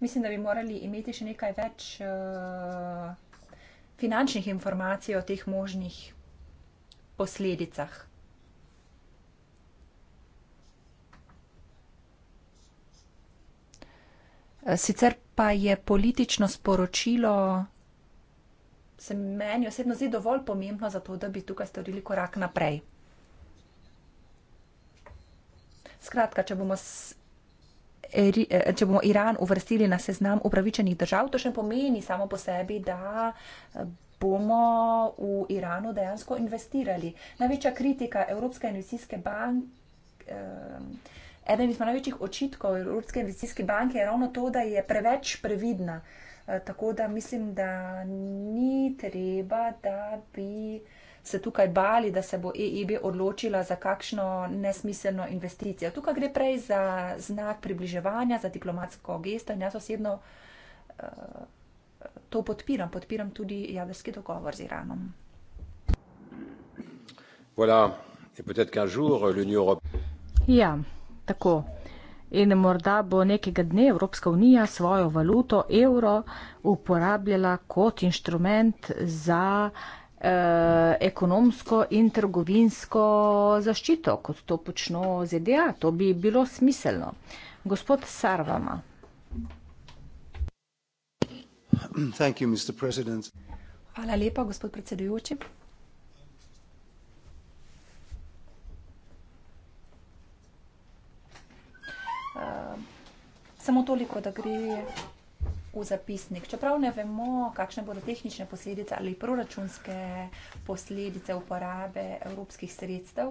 Mislim, da bi morali imeti še nekaj več uh, finančnih informacij o teh možnih posledicah. Sicer pa je politično sporočilo, se meni osebno zdi dovolj pomembno za to, da bi tukaj storili korak naprej. Skratka, če bomo, s, eh, če bomo Iran uvrstili na seznam upravičenih držav, to še pomeni samo po sebi, da eh, bomo v Iranu dejansko investirali. Največja kritika Evropske investicijske banke. Eh, Eden izmed največjih očitkov Evropske investicijske banke je ravno to, da je preveč previdna. Eh, tako da mislim, da ni treba, da bi se tukaj bali, da se bo EIB odločila za kakšno nesmiselno investicijo. Tukaj gre prej za znak približevanja, za diplomatsko gesto in jaz osebno. Uh, to podpiram. Podpiram tudi jadrski dogovor z Iranom. Voilà. Jour, euh, Europe... Ja, tako. In morda bo nekega dne Evropska unija svojo valuto evro uporabljala kot inštrument za eh, ekonomsko in trgovinsko zaščito, kot to počno ZDA. To bi bilo smiselno. Gospod Sarvama. Hvala lepa, gospod predsedujoči. Ehm, samo toliko, da gre v zapisnik. Čeprav ne vemo, kakšne bodo tehnične posledice ali proračunske posledice uporabe evropskih sredstev.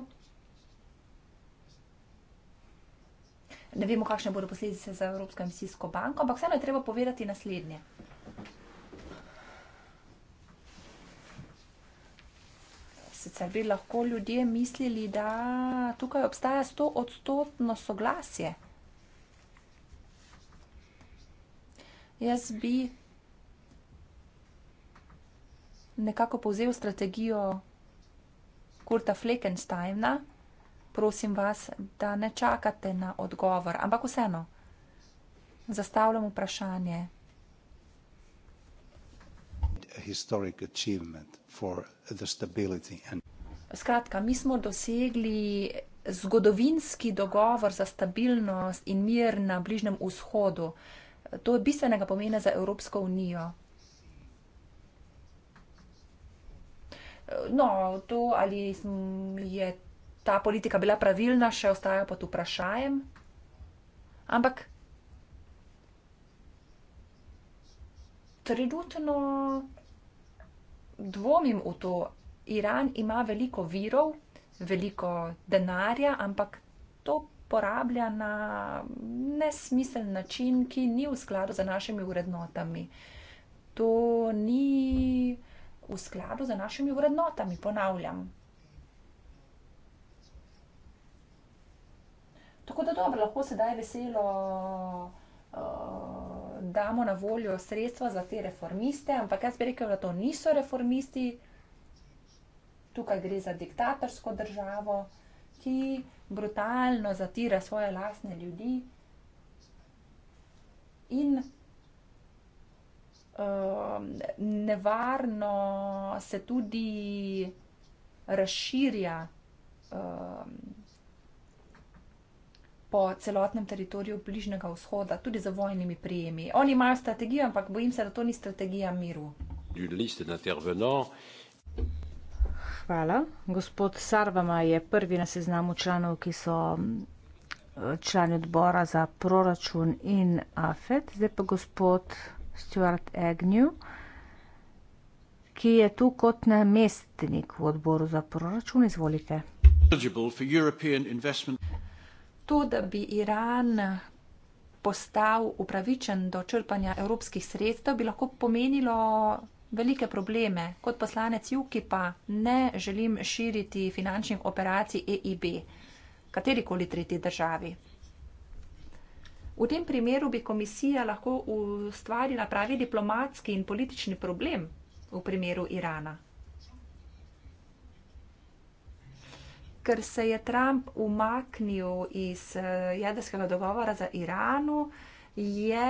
Ne vemo, kakšne bodo posledice za Evropsko investicijsko banko, ampak vseeno je treba povedati naslednje. sicer bi lahko ljudje mislili, da tukaj obstaja sto odstotno soglasje. Jaz bi nekako povzel strategijo Kurta Fleckensteina. Prosim vas, da ne čakate na odgovor, ampak vseeno zastavljam vprašanje. Skratka, mi smo dosegli zgodovinski dogovor za stabilnost in mir na Bližnjem vzhodu. To je bistvenega pomena za Evropsko unijo. No, to, ali je ta politika bila pravilna, še ostaja pod vprašajem. Ampak trenutno dvomim v to. Iran ima veliko virov, veliko denarja, ampak to porablja na nesmiseln način, ki ni v skladu z našimi vrednotami. To ni v skladu z našimi vrednotami, ponavljam. Tako da dobro, lahko sedaj veselo. Uh, damo na voljo sredstva za te reformiste, ampak jaz bi rekel, da to niso reformisti. Tukaj gre za diktatorsko državo, ki brutalno zatira svoje lastne ljudi. In um, nevarno se tudi razširja. Um, po celotnem teritoriju Bližnjega vzhoda, tudi z vojnimi prijemi. Oni imajo strategijo, ampak bojim se, da to ni strategija miru. Hvala. Gospod Sarvama je prvi na seznamu članov, ki so eh, člani odbora za proračun in AFED. Zdaj pa gospod Stuart Agnew, ki je tu kot namestnik v odboru za proračun. Izvolite to, da bi Iran postal upravičen do črpanja evropskih sredstev, bi lahko pomenilo velike probleme. Kot poslanec Juki pa ne želim širiti finančnih operacij EIB, katerikoli tretji državi. V tem primeru bi komisija lahko ustvarila pravi diplomatski in politični problem v primeru Irana. ker se je Trump umaknil iz eh, jedrskega dogovora za Iranu, je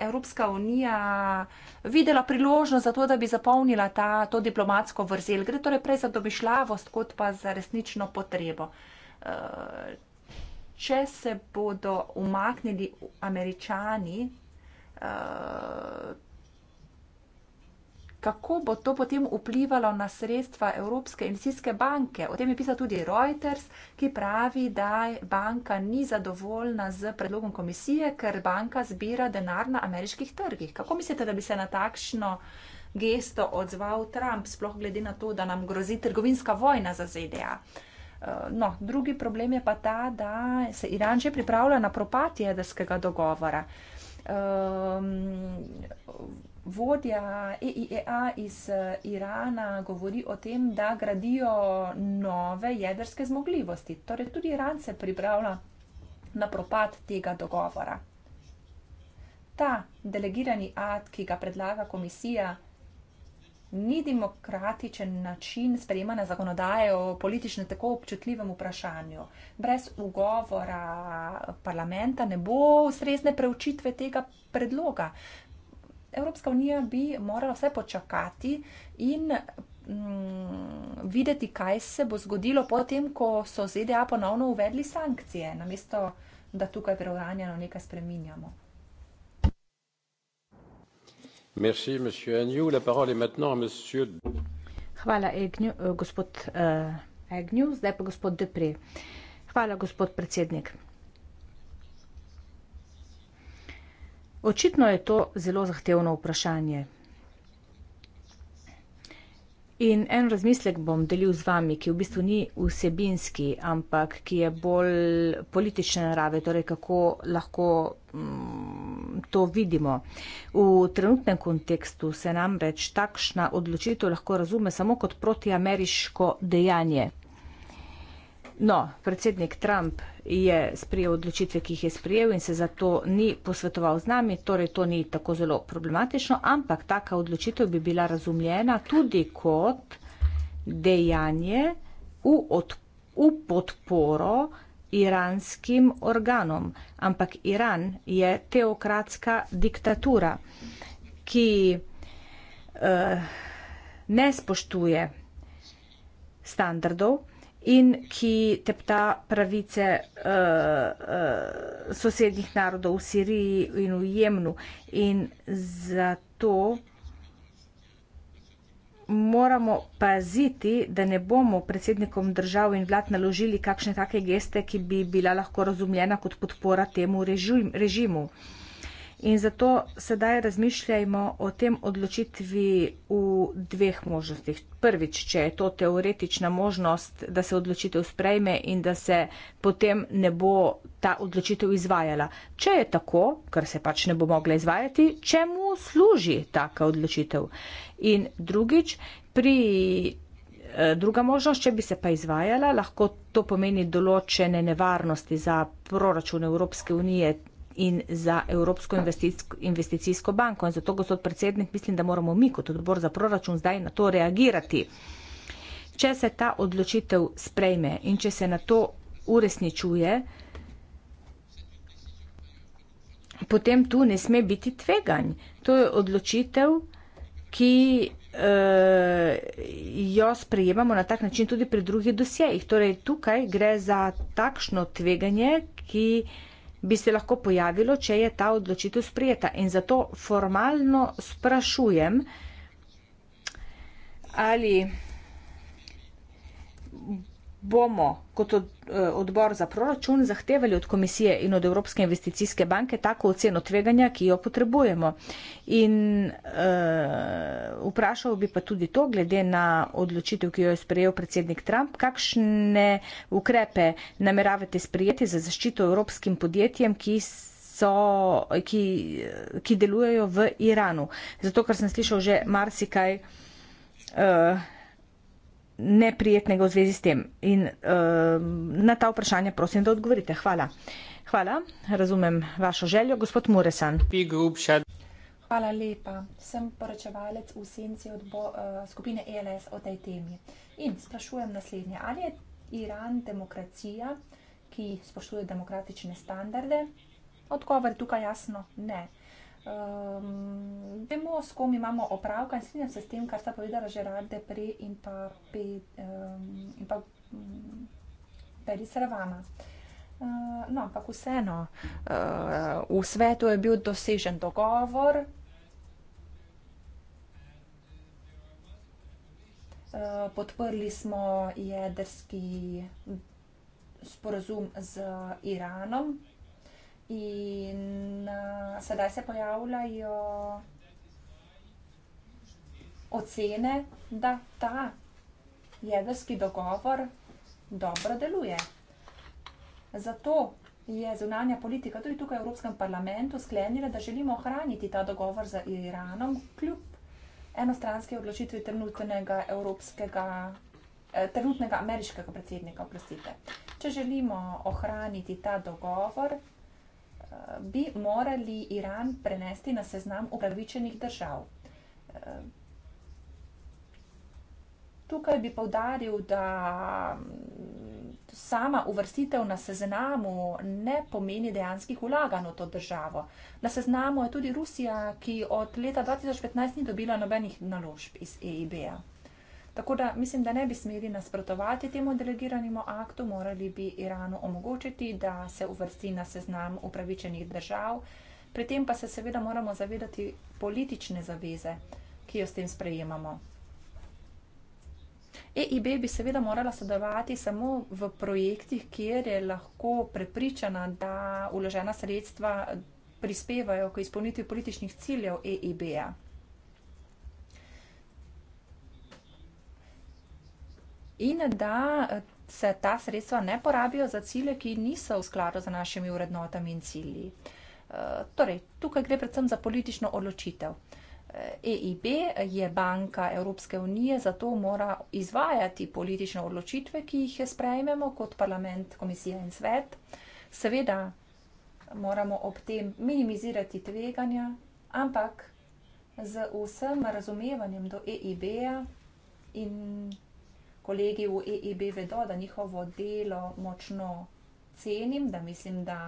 Evropska unija videla priložnost za to, da bi zapolnila ta, to diplomatsko vrzel. Gre torej prej za domišljavost, kot pa za resnično potrebo. Eh, če se bodo umaknili američani, eh, kako bo to potem vplivalo na sredstva Evropske investicijske banke. O tem je pisal tudi Reuters, ki pravi, da banka ni zadovoljna z predlogom komisije, ker banka zbira denar na ameriških trgih. Kako mislite, da bi se na takšno gesto odzval Trump, sploh glede na to, da nam grozi trgovinska vojna za ZDA? Eh, no, drugi problem je pa ta, da se Iran že pripravlja na propad jedrskega dogovora. Um, vodja EIEA iz eh, Irana govori o tem, da gradijo nove jedrske zmogljivosti. Torej, tudi Iran se pripravlja na propad tega dogovora. Ta delegirani akt, ki ga predlaga komisija, ni demokratičen način sprejemanja zakonodaje o politično tako občutljivem vprašanju. Brez ugovora parlamenta ne bo ustrezne preučitve tega predloga. Evropska unija bi morala vse počakati in mm, videti, kaj se bo zgodilo potem, ko so ZDA ponovno uvedli sankcije, namesto da tukaj preuranjeno nekaj spreminjamo. Merci, monsieur Hvala, Egnju, eh, gospod uh, eh, Egnju, zdaj pa gospod Depre. Hvala, gospod predsednik. Očitno je to zelo zahtevno vprašanje. In en razmislek bom delil z vami, ki v bistvu ni vsebinski, ampak ki je bolj politične narave, torej kako lahko mm, to vidimo. V trenutnem kontekstu se namreč takšna odločitev lahko razume samo kot protiameriško dejanje. No, predsednik Trump je sprijel odločitve, ki jih je sprijel in se zato ni posvetoval z nami, torej to ni tako zelo problematično, ampak taka odločitev bi bila razumljena tudi kot dejanje v, od, v podporo iranskim organom. Ampak Iran je teokratska diktatura, ki uh, ne spoštuje standardov, in ki tepta pravice uh, uh, sosednjih narodov v Siriji in v Jemnu. In zato moramo paziti, da ne bomo predsednikom držav in vlad naložili kakšne take geste, ki bi bila lahko razumljena kot podpora temu režim, režimu. In zato sedaj razmišljajmo o tem odločitvi v dveh možnostih. Prvič, če je to teoretična možnost, da se odločitev sprejme in da se potem ne bo ta odločitev izvajala. Če je tako, ker se pač ne bo mogla izvajati, čemu služi taka odločitev? In drugič, pri. Eh, druga možnost, če bi se pa izvajala, lahko to pomeni določene nevarnosti za proračun Evropske unije, in za Evropsko investicijsko banko. In zato, gospod predsednik, mislim, da moramo mi kot odbor za proračun zdaj na to reagirati. Če se ta odločitev sprejme in če se na to uresničuje, potem tu ne sme biti tveganj. To je odločitev, ki eh, jo sprejemamo na tak način tudi pri drugih dosjejih. Torej, tukaj gre za takšno tveganje, ki eh, bi se lahko pojavilo, če je ta odločitev sprijeta. In zato formalno sprašujem, ali bomo kot eh, odbor za proračun zahtevali od komisije in od Evropske investicijske banke tako oceno tveganja, ki jo potrebujemo. In uh, vprašal bi pa tudi to, glede na odločitev, ki jo je sprejel predsednik Trump, kakšne ukrepe nameravate sprijeti za zaščito evropskim podjetjem, ki. So, ki, ki delujejo v Iranu. Zato, ker sem slišal že marsikaj uh, neprijetnega v zvezi s tem. In uh, na ta vprašanje prosim, da odgovorite. Hvala. Hvala, razumem vašo željo. Gospod Muresan. Hvala lepa. Sem poročevalec v senci od bo, uh, eh, skupine ELS o tej temi. In sprašujem naslednje. Ali je Iran demokracija, ki spoštuje demokratične standarde? Odgovor tukaj jasno ne um, vemo, s kom imamo opravka in strinjam se s tem, kar sta povedala že Rade prej in pa, um, pa um, Peri Sravana. Eh, no, ampak vseeno, eh, v svetu je bil dosežen dogovor. Eh, podprli smo jedrski sporozum z Iranom, in uh, sedaj se pojavljajo ocene, da ta jedrski dogovor dobro deluje. Zato je zunanja politika tudi tukaj v Evropskem parlamentu sklenila, da želimo ohraniti ta dogovor z Iranom, kljub enostranski odločitvi trenutnega evropskega. Eh, trenutnega ameriškega predsednika, oprostite. Če želimo ohraniti ta dogovor, bi morali Iran prenesti na seznam upravičenih držav. Tukaj bi poudaril, da sama uvrstitev na seznamu ne pomeni dejanskih vlaganj v to državo. Na seznamu je tudi Rusija, ki od leta 2015 ni dobila nobenih naložb iz EIB-ja. Tako da mislim, da ne bi smeli nasprotovati temu delegiranemu aktu, morali bi Iranu omogočiti, da se uvrsti na seznam upravičenih držav. Pri tem pa se seveda moramo zavedati politične zaveze, ki jo s tem sprejemamo. EIB bi seveda morala sodelovati samo v projektih, kjer je lahko prepričana, da uložena sredstva prispevajo k izpolnitvi političnih ciljev EIB-ja. in da eh, se ta sredstva ne porabijo za cilje, ki niso v skladu z našimi vrednotami in cilji. Eh, torej, tukaj gre predvsem za politično odločitev. EIB eh, e je banka Evropske unije, zato mora izvajati politične odločitve, ki jih sprejmemo kot parlament, komisija in svet. Seveda moramo ob tem minimizirati tveganja, ampak z vsem razumevanjem do EIB-ja in kolegi v EEB vedo, da njihovo delo močno cenim, da mislim, da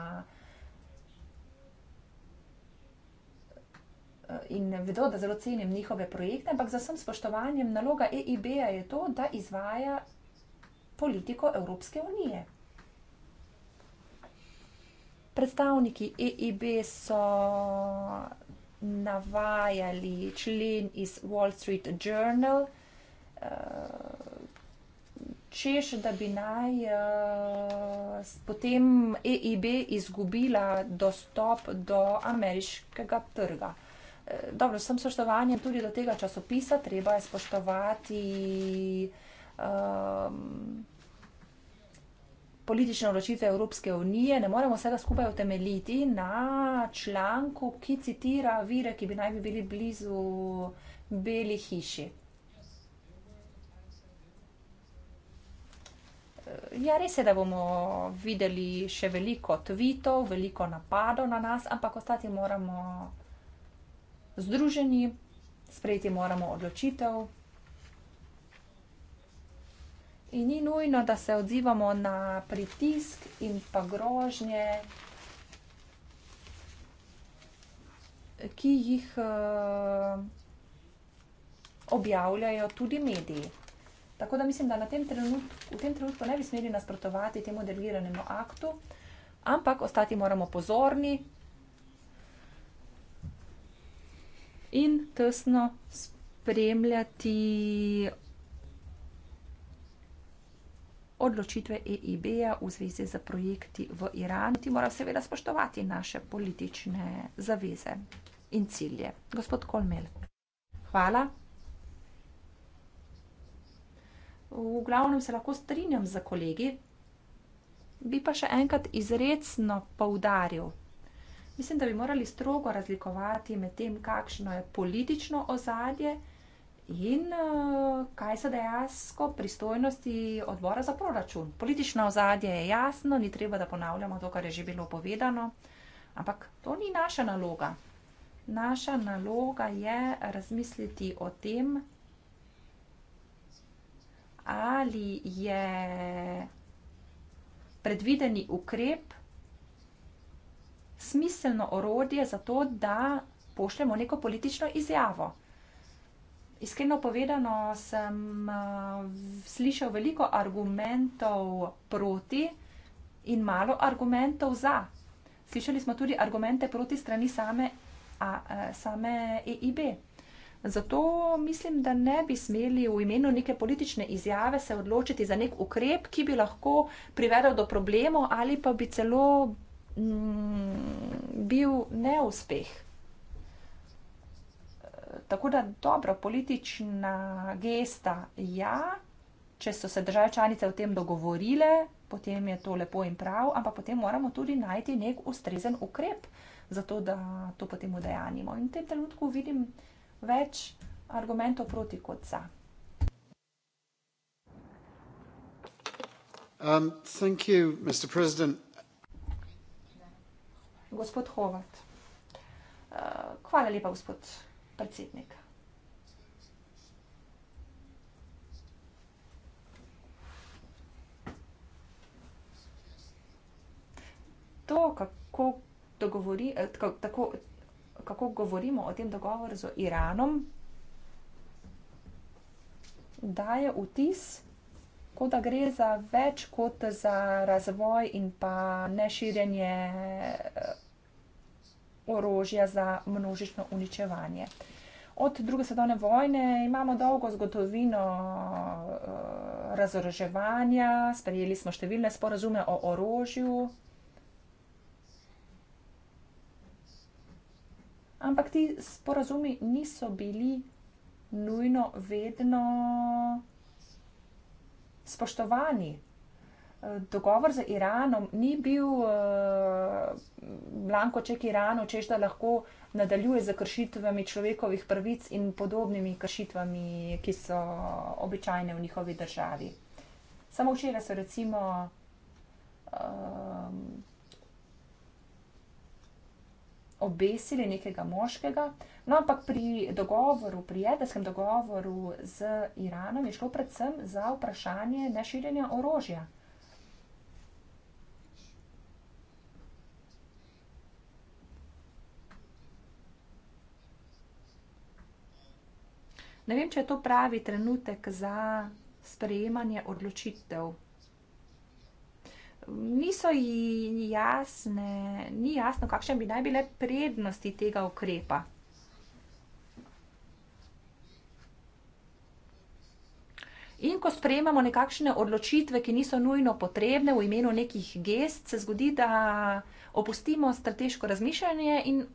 eh, in vedo, da zelo cenim njihove projekte, ampak za vsem spoštovanjem naloga EIB-a e je to, da izvaja politiko Evropske unije. Predstavniki EIB e so navajali člen iz Wall Street Journal, eh, češ, da bi naj uh, potem EIB izgubila dostop do ameriškega trga. E, dobro, sem spoštovanjem tudi do tega časopisa, treba je spoštovati um, politične odločitve Evropske unije. Ne moremo vsega skupaj utemeljiti na članku, ki citira vire, ki bi naj bi bili blizu Beli hiši. Eh, ja, res je, da bomo videli še veliko tvitev, veliko napadov na nas, ampak ostati moramo združeni, sprejeti moramo odločitev. In ni nujno, da se odzivamo na pritisk in pa grožnje, ki jih uh, objavljajo tudi mediji. Tako da mislim, da tem trenutku, v tem trenutku ne bi smeli nasprotovati temu delegiranemu aktu, ampak ostati moramo pozorni in tesno spremljati odločitve EIB-ja v zvezi z projekti v Iranu. Ti mora seveda spoštovati naše politične zaveze in cilje. Gospod Kolmel. Hvala. V glavnem se lahko strinjam z kolegi, bi pa še enkrat izredno poudaril. Mislim, da bi morali strogo razlikovati med tem, kakšno je politično ozadje in eh, kaj so dejansko pristojnosti odbora za proračun. Politično ozadje je jasno, ni treba, da ponavljamo to, kar je že bilo povedano, ampak to ni naša naloga. Naša naloga je razmisliti o tem, ali je predvideni ukrep smiselno orodje za to, da pošljemo neko politično izjavo. Iskreno povedano, sem eh, slišal veliko argumentov proti in malo argumentov za. Slišali smo tudi argumente proti strani same, a, eh, same EIB. Zato mislim, da ne bi smeli v imenu neke politične izjave se odločiti za nek ukrep, ki bi lahko privedel do problemov ali pa bi celo mm, bil neuspeh. Tako da dobro, politična gesta ja, če so se države članice o tem dogovorile, potem je to lepo in prav, ampak potem moramo tudi najti nek ustrezen ukrep, zato da to potem udejanimo. In v tem trenutku vidim, več argumentov proti kot za. Um, thank you, Mr. President. Gospod Hovat. Uh, hvala lepa, gospod predsednik. To, kako dogovori, eh, tako, tako kako govorimo o tem dogovoru z Iranom, daje vtis, kot da gre za več kot za razvoj in pa neširjenje eh, orožja za množično uničevanje. Od druge svetovne vojne imamo dolgo zgodovino eh, razoroževanja, sprejeli smo številne sporazume o orožju, Ampak ti sporazumi niso bili nujno vedno spoštovani. Dogovor z Iranom ni bil eh, blanko ček Iranu, češ da lahko nadaljuje z kršitvami človekovih pravic in podobnimi kršitvami, ki so običajne v njihovi državi. Samo včeraj so recimo. Eh, obesili nekega moškega. No, ampak pri dogovoru, pri jedrskem dogovoru z Iranom je šlo predvsem za vprašanje neširjenja orožja. Ne vem, če je to pravi trenutek za sprejemanje odločitev niso ji jasne, ni jasno, kakšne bi naj bile prednosti tega ukrepa. In ko sprejemamo nekakšne odločitve, ki niso nujno potrebne v imenu nekih gest, se zgodi, da opustimo strateško razmišljanje in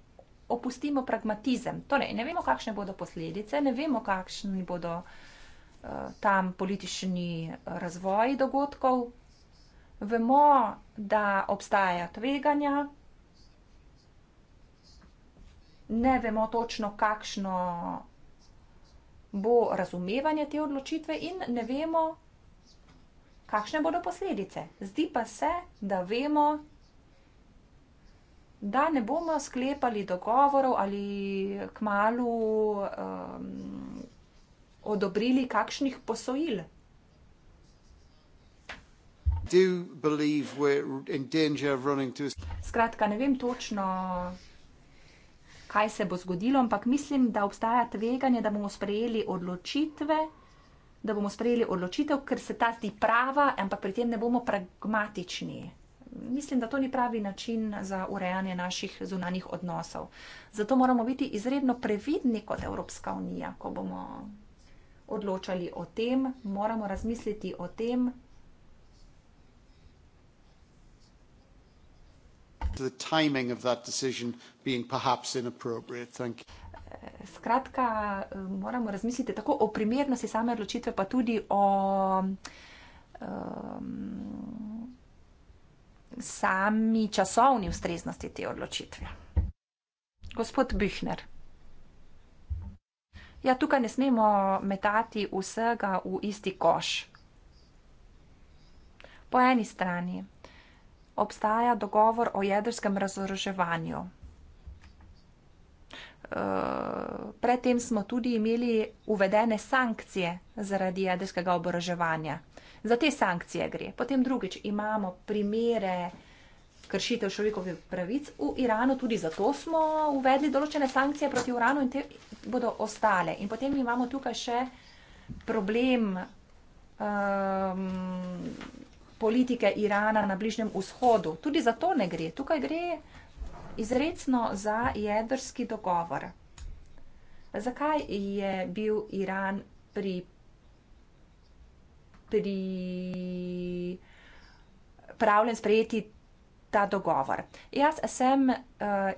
opustimo pragmatizem. Torej, ne vemo, kakšne bodo posledice, ne vemo, kakšni bodo uh, tam politični razvoj dogodkov, Vemo, da obstajajo tveganja, ne vemo točno, kakšno bo razumevanje te odločitve in ne vemo, kakšne bodo posledice. Zdi pa se, da vemo, da ne bomo sklepali dogovorov ali k malu um, odobrili kakšnih posojil. Skratka, ne vem točno, kaj se bo zgodilo, ampak mislim, da obstaja tveganje, da bomo sprejeli odločitve, da bomo sprejeli odločitev, ker se ta zdi prava, ampak pri tem ne bomo pragmatični. Mislim, da to ni pravi način za urejanje naših zunanjih odnosov. Zato moramo biti izredno previdni kot Evropska unija, ko bomo odločali o tem, moramo razmisliti o tem, the timing of that decision being perhaps inappropriate. Thank you. Skratka, moramo razmisliti tako o primernosti same odločitve, pa tudi o um, sami časovni ustreznosti te odločitve. Gospod Bühner. Ja, tukaj ne smemo metati vsega v isti koš. Po eni strani obstaja dogovor o jedrskem razoroževanju. Eh, predtem smo tudi imeli uvedene sankcije zaradi jedrskega oboroževanja. Za te sankcije gre. Potem drugič imamo primere kršitev človekovih pravic v Iranu, tudi zato smo uvedli določene sankcije proti Iranu in te bodo ostale. In potem imamo tukaj še problem. Um, politike Irana na Bližnjem vzhodu. Tudi za to ne gre. Tukaj gre izredno za jedrski dogovor. Zakaj je bil Iran pri, pri pravljen sprejeti ta dogovor? Jaz sem uh,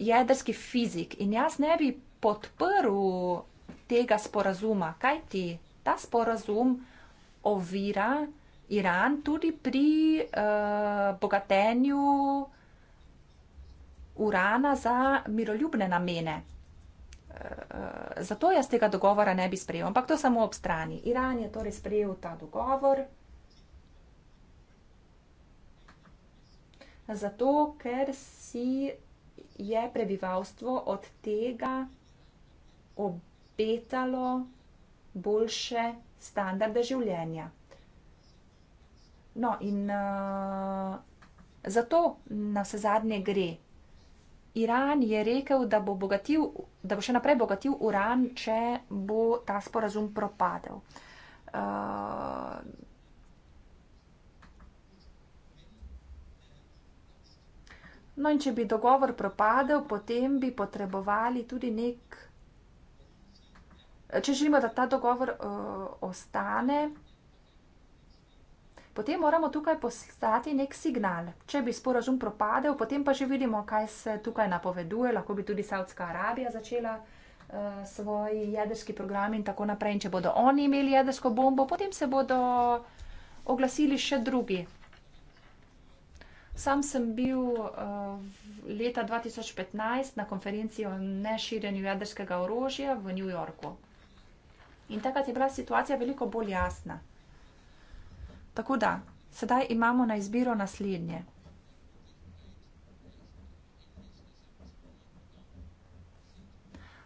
jedrski fizik in jaz ne bi podprl tega sporazuma, kaj ti ta sporazum ovira. Iran tudi pri uh, bogatenju urana za miroljubne namene. Uh, zato jaz tega dogovora ne bi sprejel, ampak to samo ob strani. Iran je torej sprejel ta dogovor, zato ker si je prebivalstvo od tega obetalo boljše standarde življenja. No, in uh, zato na vse zadnje gre. Iran je rekel, da bo, bogatil, da bo še naprej bogatil uran, če bo ta sporazum propadel. Uh, no, in če bi dogovor propadel, potem bi potrebovali tudi nek. Če želimo, da ta dogovor uh, ostane, potem moramo tukaj poslati nek signal. Če bi sporazum propadel, potem pa že vidimo, kaj se tukaj napoveduje. Lahko bi tudi Saudska Arabija začela uh, svoj jedrski program in tako naprej. In če bodo oni imeli jedrsko bombo, potem se bodo oglasili še drugi. Sam sem bil uh, leta 2015 na konferenci o neširjenju jedrskega orožja v New Yorku. In takrat je bila situacija veliko bolj jasna. Tako da, sedaj imamo na izbiro naslednje.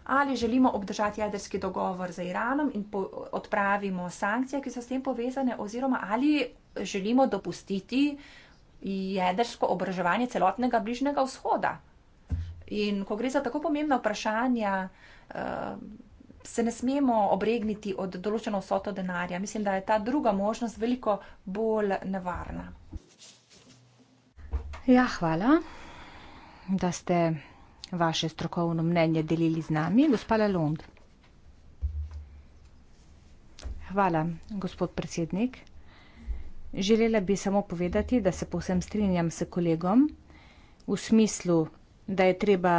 Ali želimo obdržati jedrski dogovor z Iranom in odpravimo sankcije, ki so s tem povezane, oziroma ali želimo dopustiti jedrsko obraževanje celotnega bližnjega vzhoda. In ko gre za tako pomembna vprašanja, uh, se ne smemo obregniti od določeno vsoto denarja. Mislim, da je ta druga možnost veliko bolj nevarna. Ja, hvala, da ste vaše strokovno mnenje delili z nami, gospa Lalond. Hvala, gospod predsednik. Želela bi samo povedati, da se povsem strinjam s kolegom v smislu, da je treba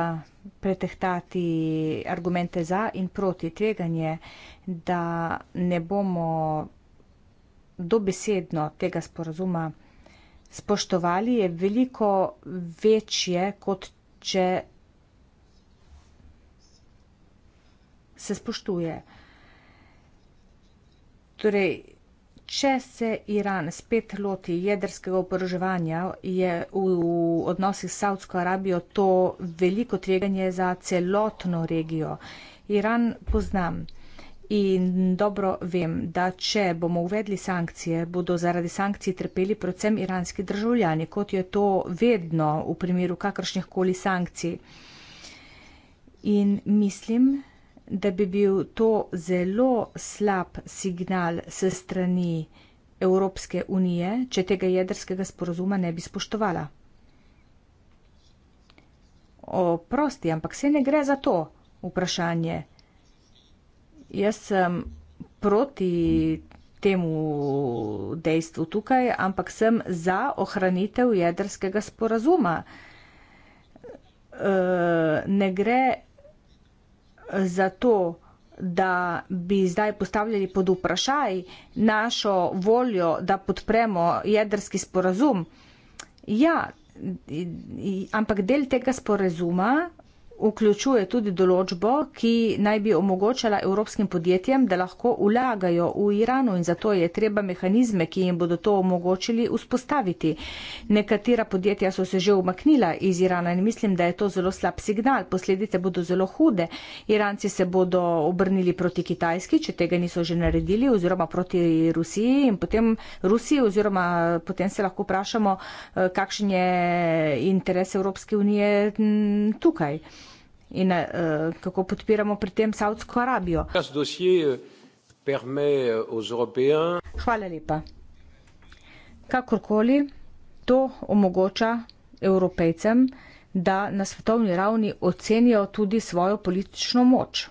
pretehtati argumente za in proti tveganje, da ne bomo dobesedno tega sporazuma spoštovali, je veliko večje, kot če se spoštuje. Torej, če se Iran spet loti jedrskega oporoževanja, je v, v odnosih s Saudsko Arabijo to veliko tveganje za celotno regijo. Iran poznam in dobro vem, da če bomo uvedli sankcije, bodo zaradi sankcij trpeli predvsem iranski državljani, kot je to vedno v primeru kakršnih koli sankcij. In mislim, da bi bil to zelo slab signal se strani Evropske unije, če tega jedrskega sporozuma ne bi spoštovala. Oprosti, ampak se ne gre za to vprašanje. Jaz sem proti temu dejstvu tukaj, ampak sem za ohranitev jedrskega sporozuma. Eh, ne gre zato, da bi zdaj postavljali pod vprašaj našo voljo, da podpremo jedrski sporazum. Ja, ampak del tega sporazuma vključuje tudi določbo, ki naj bi omogočala evropskim podjetjem, da lahko vlagajo v Iranu in zato je treba mehanizme, ki jim bodo to omogočili, vzpostaviti. Nekatera podjetja so se že umaknila iz Irana in mislim, da je to zelo slab signal. Posledice bodo zelo hude. Iranci se bodo obrnili proti Kitajski, če tega niso že naredili, oziroma proti Rusiji in potem Rusiji, oziroma potem se lahko vprašamo, eh, kakšen je interes Evropske unije tukaj in eh, kako podpiramo pri tem Saudsko Arabijo. Eh, eh, Hvala lepa. Kakorkoli to omogoča evropejcem, da na svetovni ravni ocenijo tudi svojo politično moč.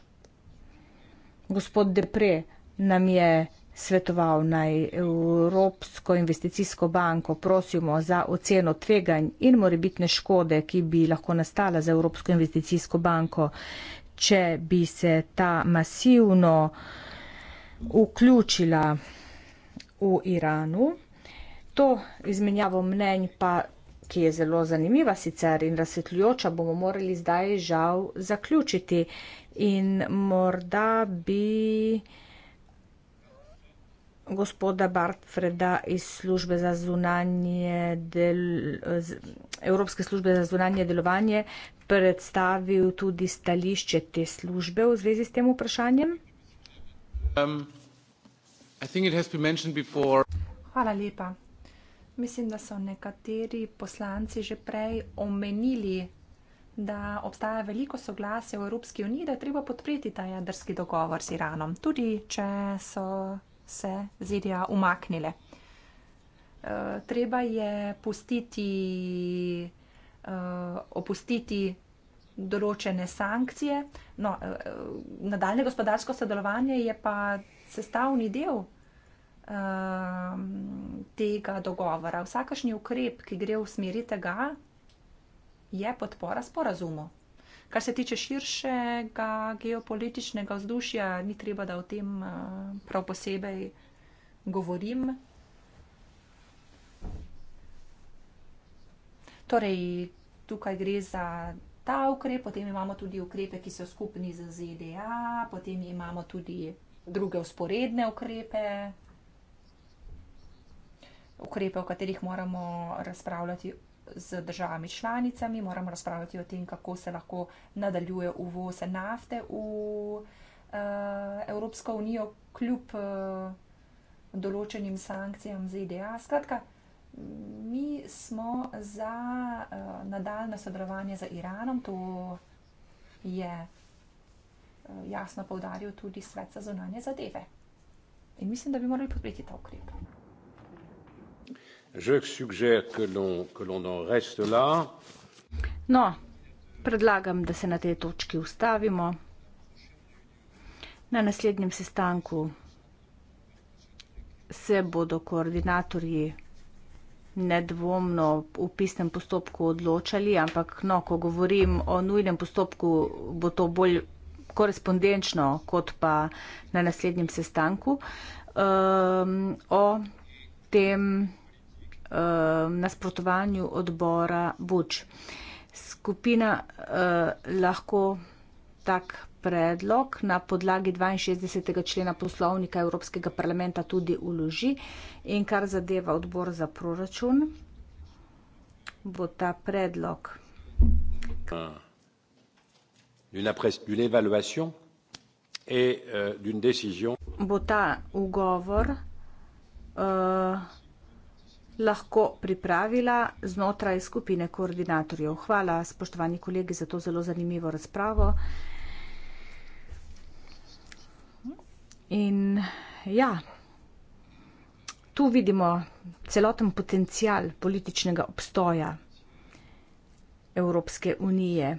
Gospod Depre nam je svetoval naj Evropsko investicijsko banko prosimo za oceno tveganj in morebitne škode, ki bi lahko nastala za Evropsko investicijsko banko, če bi se ta masivno vključila v Iranu. To izmenjavo mnenj pa ki je zelo zanimiva sicer in razsvetljujoča, bomo morali zdaj žal zaključiti. In morda bi gospoda Bartfreda iz službe za zunanje del, z, Evropske službe za zunanje delovanje predstavil tudi stališče te službe v zvezi s tem vprašanjem? Um, Hvala lepa. Mislim, da so nekateri poslanci že prej omenili, da obstaja veliko soglasja v Evropski uniji, da je treba podpreti ta jedrski dogovor z Iranom. Tudi če so se ZDA umaknile. Eh, treba je pustiti, eh, opustiti določene sankcije. No, eh, nadaljne gospodarsko sodelovanje je pa sestavni del ehm, tega dogovora. Vsakašnji ukrep, ki gre v smeri tega, je podpora sporazumu. Kar se tiče širšega geopolitičnega vzdušja, ni treba, da o tem eh, prav posebej govorim. Torej, tukaj gre za ta ukrep, potem imamo tudi ukrepe, ki so skupni z ZDA, potem imamo tudi druge usporedne ukrepe, ukrepe, o katerih moramo razpravljati z državami članicami, moramo razpravljati o tem, kako se lahko nadaljuje uvoz nafte v uh, Evropsko unijo, kljub uh, določenim sankcijam ZDA. Skratka, mi smo za uh, eh, nadaljne sodelovanje z Iranom, to je uh, jasno povdaril tudi svet za zunanje zadeve. In mislim, da bi morali podpreti ta ukrep. Je suggère que l'on que l'on en reste là. No, predlagam, da se na tej točki ustavimo. Na naslednjem sestanku se bodo koordinatorji nedvomno v pisnem postopku odločali, ampak no, ko govorim o nujnem postopku, bo to bolj korespondenčno kot pa na naslednjem sestanku um, o tem. Eh, nasprotovanju odbora Buč. Skupina eh, lahko tak predlog na podlagi 62. člena poslovnika Evropskega parlamenta tudi uloži in kar zadeva odbor za proračun, bo ta predlog. Euh, bo ta ugovor eh, lahko pripravila znotraj skupine koordinatorjev. Hvala, spoštovani kolegi, za to zelo zanimivo razpravo. In ja, tu vidimo celoten potencial političnega obstoja Evropske unije.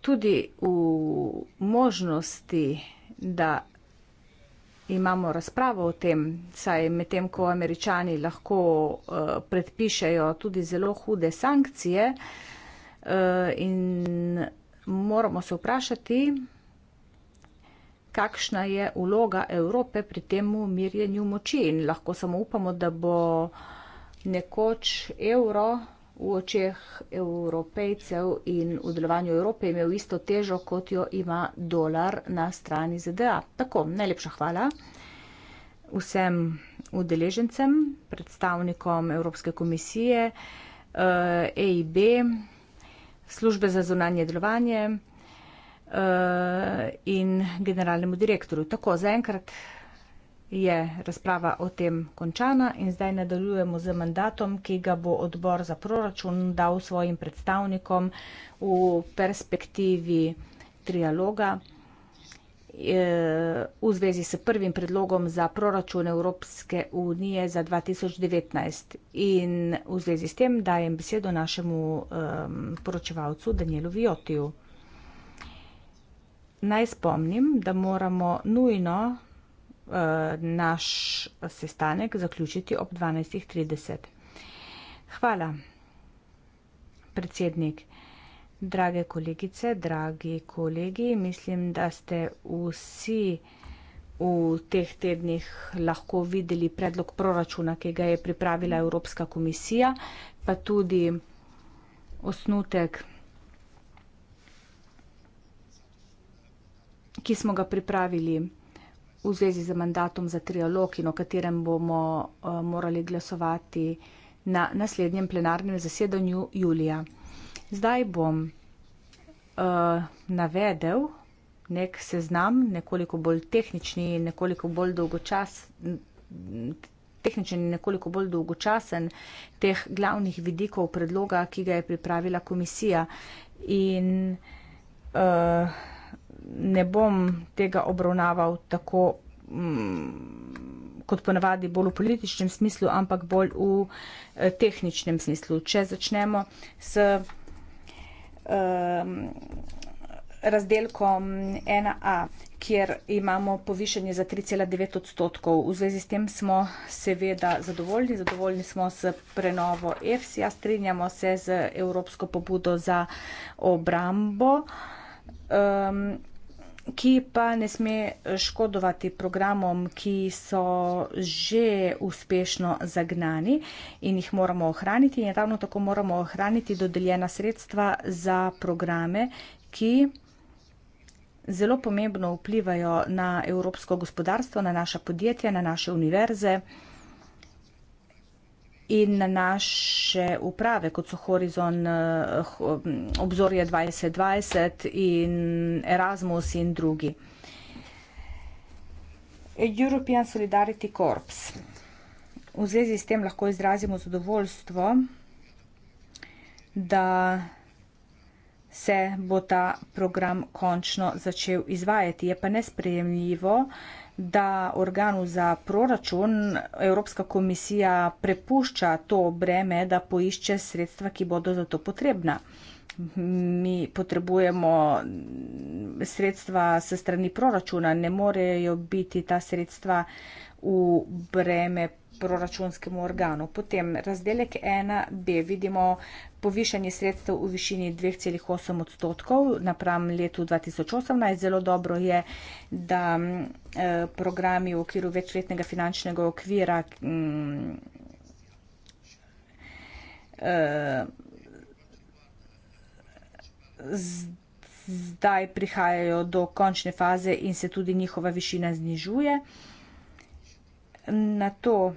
Tudi v možnosti, da imamo razpravo o tem, saj medtem ko američani lahko uh, predpišejo tudi zelo hude sankcije uh, in moramo se vprašati, kakšna je uloga Evrope pri tem umirjenju moči in lahko samo upamo, da bo nekoč evro v očeh evropejcev in v delovanju Evrope imel isto težo, kot jo ima dolar na strani ZDA. Tako, najlepša hvala vsem udeležencem, predstavnikom Evropske komisije, EIB, eh, e službe za zunanje delovanje eh, in generalnemu direktorju. Tako, zaenkrat je razprava o tem končana in zdaj nadaljujemo z mandatom, ki ga bo odbor za proračun dal svojim predstavnikom v perspektivi trialoga eh, v zvezi s prvim predlogom za proračun Evropske unije za 2019. In v zvezi s tem dajem besedo našemu um, poročevalcu Danielu Viotiju. Naj spomnim, da moramo nujno Eh, naš sestanek zaključiti ob 12.30. Hvala, predsednik. Drage kolegice, dragi kolegi, mislim, da ste vsi v teh tednih lahko videli predlog proračuna, ki ga je pripravila Evropska komisija, pa tudi osnutek. ki smo ga pripravili v zvezi z mandatom za trialog in o katerem bomo eh, morali glasovati na naslednjem plenarnem zasedanju julija. Zdaj bom uh, navedel nek seznam, nekoliko bolj tehnični in nekoliko bolj dolgočasen tehničen in nekoliko bolj dolgočasen teh glavnih vidikov predloga, ki ga je pripravila komisija. In uh, ne bom tega obravnaval tako mm, kot ponavadi bolj v političnem smislu, ampak bolj v eh, tehničnem smislu. Če začnemo s ehm, razdelkom 1a, kjer imamo povišanje za 3,9 odstotkov. V zvezi s tem smo seveda zadovoljni, zadovoljni smo s prenovo EFSI-ja, strinjamo se z Evropsko pobudo za obrambo. Ehm, ki pa ne sme škodovati programom, ki so že uspešno zagnani in jih moramo ohraniti. In ravno tako moramo ohraniti dodeljena sredstva za programe, ki zelo pomembno vplivajo na evropsko gospodarstvo, na naša podjetja, na naše univerze in na naše uprave, kot so Horizon, eh, mm, Obzorje 2020 in Erasmus in drugi. European Solidarity Corps. V zvezi s tem lahko izrazimo zadovoljstvo, da se bo ta program končno začel izvajati. Je pa nesprejemljivo, da da organu za proračun Evropska komisija prepušča to breme, da poišče sredstva, ki bodo za to potrebna. Mi potrebujemo sredstva se strani proračuna, ne morejo biti ta sredstva v breme proračunskemu organu. Potem razdelek 1b vidimo povišanje sredstev v višini 2,8 odstotkov napram letu 2018. Zelo dobro je, da eh, programi v okviru večletnega finančnega okvira mm, eh, zdaj prihajajo do končne faze in se tudi njihova višina znižuje na to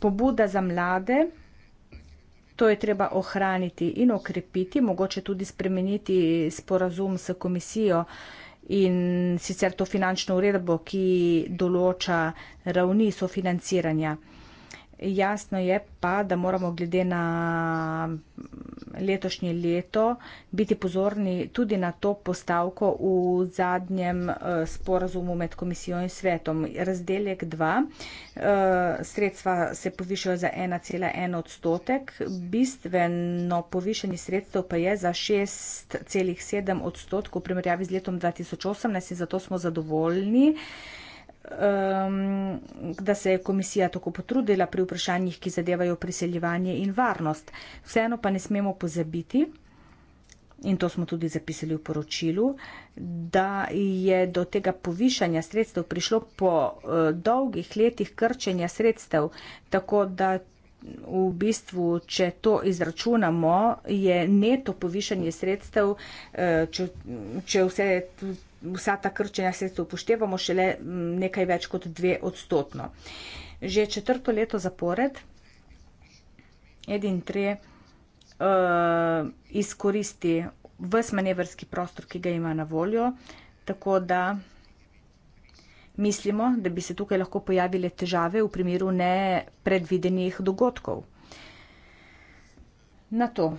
pobuda za mlade, to je treba ohraniti in okrepiti, mogoče tudi spremeniti sporazum s komisijo in sicer to finančno uredbo, ki določa ravni sofinanciranja. Jasno je pa, da moramo glede na letošnje leto biti pozorni tudi na to postavko v zadnjem eh, sporazumu med komisijo in svetom. Razdelek 2, eh, sredstva se povišajo za 1,1 odstotek, bistveno povišanje sredstev pa je za 6,7 odstotkov v primerjavi z letom 2018 in zato smo zadovoljni um, da se je komisija tako potrudila pri vprašanjih, ki zadevajo priseljevanje in varnost. Vseeno pa ne smemo pozabiti, in to smo tudi zapisali v poročilu, da je do tega povišanja sredstev prišlo po uh, dolgih letih krčenja sredstev, tako da. V bistvu, če to izračunamo, je neto povišanje sredstev, uh, če, če vse vsa ta krčenja sredstva upoštevamo šele mm, nekaj več kot dve odstotno. Že četrto leto zapored edin tre uh, izkoristi vse manevrski prostor, ki ga ima na voljo, tako da mislimo, da bi se tukaj lahko pojavile težave v primeru nepredvidenih dogodkov. Na to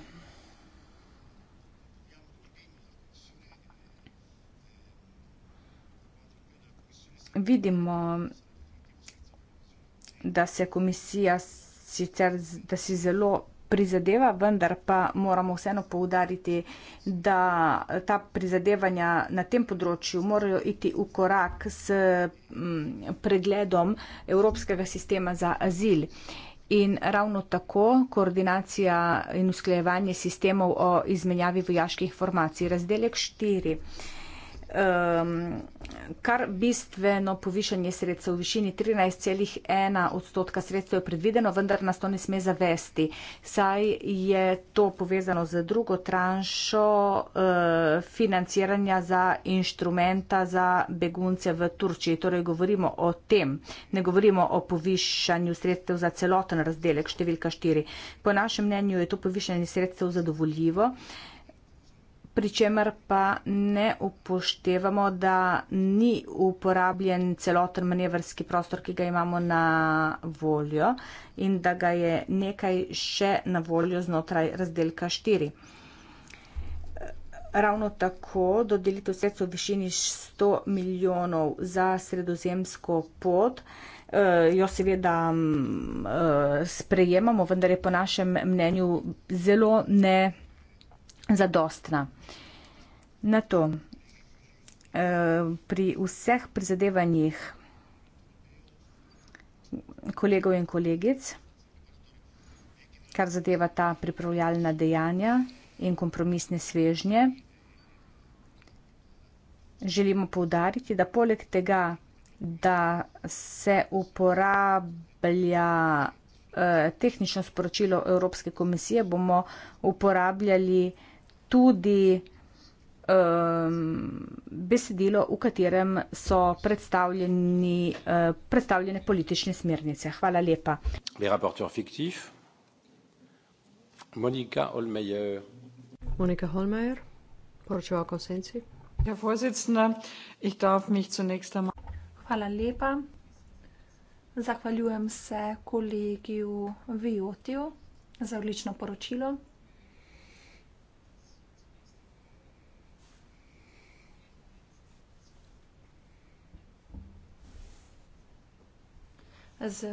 vidimo, da se komisija sicer da si zelo prizadeva, vendar pa moramo vseeno poudariti, da ta prizadevanja na tem področju morajo iti v korak s pregledom Evropskega sistema za azil. In ravno tako koordinacija in usklejevanje sistemov o izmenjavi vojaških formacij. Razdelek 4 um, kar bistveno povišanje sredstev v višini 13,1 odstotka sredstev je predvideno, vendar nas to ne sme zavesti, saj je to povezano z drugo tranšo uh, financiranja za inštrumenta za begunce v Turčiji. Torej govorimo o tem, ne govorimo o povišanju sredstev za celoten razdelek številka 4. Po našem mnenju je to povišanje sredstev zadovoljivo. Uh, pri čemer pa ne upoštevamo, da ni uporabljen celoten manevrski prostor, ki ga imamo na voljo in da ga je nekaj še na voljo znotraj razdelka 4. Ravno tako dodelitev sredstva v višini 100 milijonov za sredozemsko pot eh, jo seveda mm, eh, sprejemamo, vendar je po našem mnenju zelo ne zadostna. Na to, eh, pri vseh prizadevanjih kolegov in kolegic, kar zadeva ta pripravljalna dejanja in kompromisne svežnje, želimo povdariti, da poleg tega, da se uporablja eh, tehnično sporočilo Evropske komisije, bomo uporabljali tehnično sporočilo tudi um, besedilo, v katerem so predstavljeni, uh, predstavljene politične smernice. Hvala lepa. Monika Holmeier. Monika Holmeier, poročevalka v senci. Ja, vorsitzende, ich darf mich zunächst einmal. Hvala lepa. Zahvaljujem se kolegiju Viotiju za odlično poročilo. z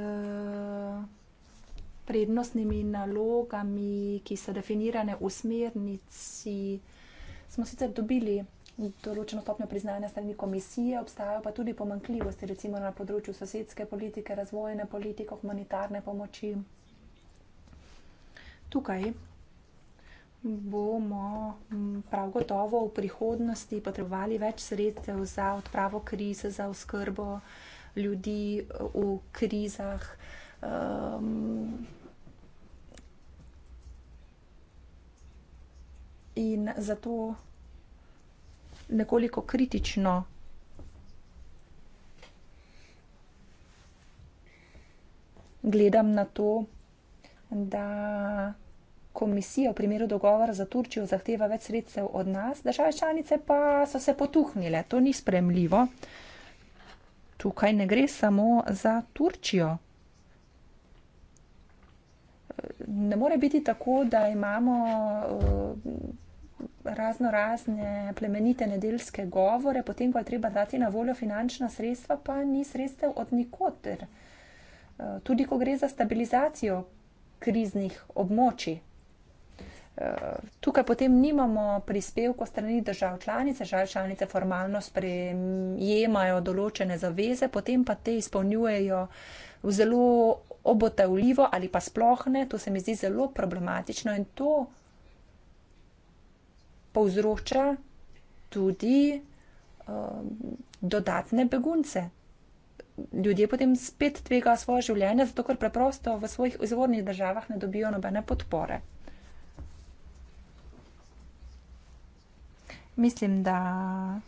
prednostnimi nalogami, ki so definirane v smernici, smo sicer dobili določeno stopnjo priznanja strani komisije, obstajajo pa tudi pomankljivosti, recimo na področju sosedske politike, razvojne politike, humanitarne pomoči. Tukaj bomo prav gotovo v prihodnosti potrebovali več sredstev za odpravo krize, za oskrbo uh, ljudi v krizah. Um, in zato nekoliko kritično gledam na to, da komisija v primeru dogovora za Turčijo zahteva več sredstev od nas, države članice pa so se potuhnile. To ni spremljivo. Uh, tukaj ne gre samo za Turčijo. Ne more biti tako, da imamo eh, razno razne plemenite nedeljske govore, potem pa je treba dati na voljo finančna sredstva, pa ni sredstev od nikoter. Eh, tudi ko gre za stabilizacijo kriznih območij. Tukaj potem nimamo prispevko strani držav članic, države članice formalno sprejemajo določene zaveze, potem pa te izpolnjujejo zelo obotavljivo ali pa sploh ne. To se mi zdi zelo problematično in to povzroča tudi uh, dodatne begunce. Ljudje potem spet tvega svoje življenje, zato ker preprosto v svojih izvornih državah ne dobijo nobene podpore. Mislim, da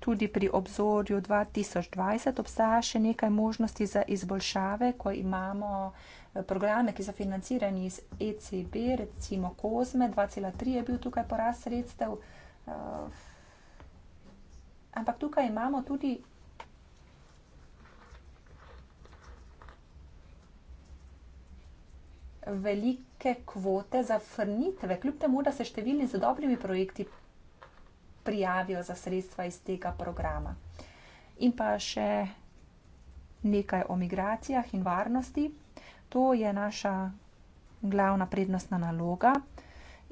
tudi pri obzorju 2020 obstaja še nekaj možnosti za izboljšave, ko imamo eh, programe, ki so financirani iz ECB, recimo COSME, 2,3 je bil tukaj porast sredstev. Eh, ampak tukaj imamo tudi. Velike kvote za vrnitve, kljub temu, da se številni z dobrimi projekti prijavijo za sredstva iz tega programa. In pa še nekaj o migracijah in varnosti. To je naša glavna prednostna naloga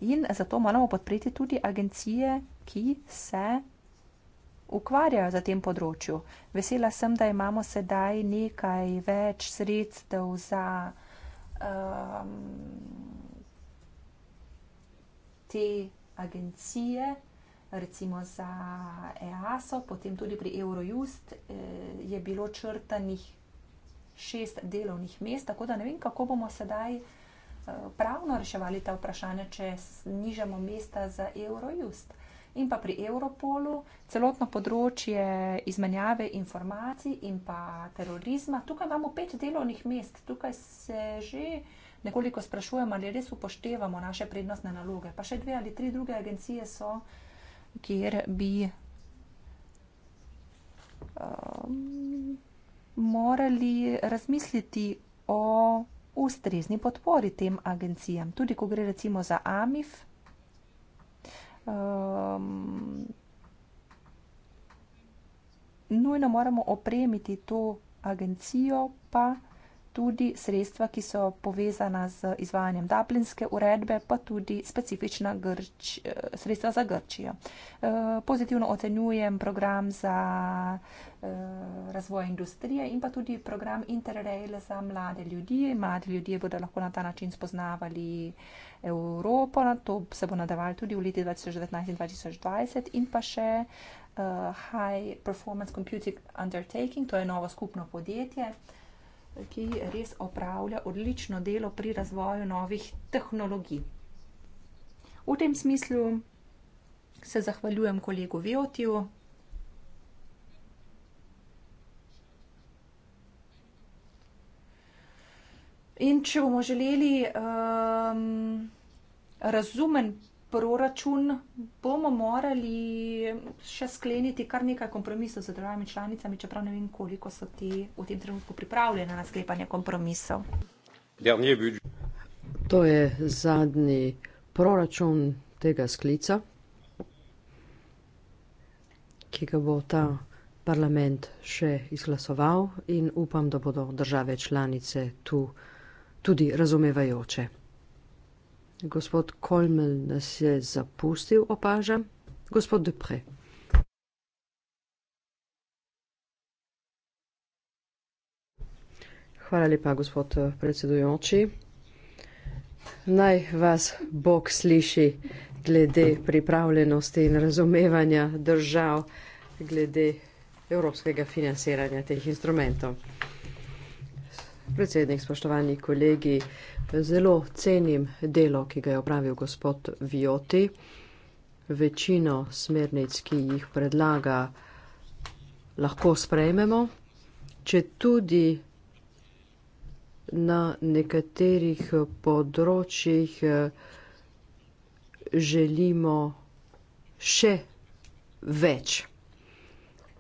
in zato moramo podpreti tudi agencije, ki se ukvarjajo za tem področju. Vesela sem, da imamo sedaj nekaj več sredstev za um, te agencije recimo za EASO, potem tudi pri Eurojust eh, je bilo črtanih šest delovnih mest, tako da ne vem, kako bomo sedaj eh, pravno reševali ta vprašanja, če nižamo mesta za Eurojust. In pa pri Europolu, celotno področje izmenjave informacij in pa terorizma, tukaj imamo pet delovnih mest, tukaj se že nekoliko sprašujemo, ali res upoštevamo naše prednostne naloge. Pa še dve ali tri druge agencije so uh, kjer bi um, morali razmisliti o ustrezni podpori tem agencijam. Tudi, ko gre recimo za AMIF, um, nujno moramo opremiti to agencijo, pa tudi sredstva, ki so povezana z izvajanjem Dublinske uredbe, pa tudi specifična grč, eh, sredstva za Grčijo. Eh, pozitivno ocenjujem program za eh, razvoj industrije in pa tudi program Interrail za mlade ljudi. Mladi ljudje bodo lahko na ta način spoznavali Evropo, to se bo nadaljevalo tudi v letu 2019 in 2020 in pa še High Performance Computing Undertaking, to je novo skupno podjetje ki res opravlja odlično delo pri razvoju novih tehnologij. V tem smislu se zahvaljujem kolegu Viotiju. In če bomo želeli um, razumen proračun bomo morali še skleniti kar nekaj kompromisov z državami članicami, čeprav ne vem, koliko so ti v tem trenutku pripravljene na sklepanje kompromisov. To je zadnji proračun tega sklica, ki ga bo ta parlament še izglasoval in upam, da bodo države članice tu tudi razumevajoče. Gospod Kolmel nas je zapustil, opažam. Gospod Dupre. Hvala lepa, gospod predsedujoči. Naj vas Bog sliši glede pripravljenosti in razumevanja držav glede evropskega financiranja teh instrumentov. Predsednik, spoštovani kolegi, zelo cenim delo, ki ga je opravil gospod Vioti. Večino smernic, ki jih predlaga, lahko sprejmemo, če tudi na nekaterih področjih eh, želimo še več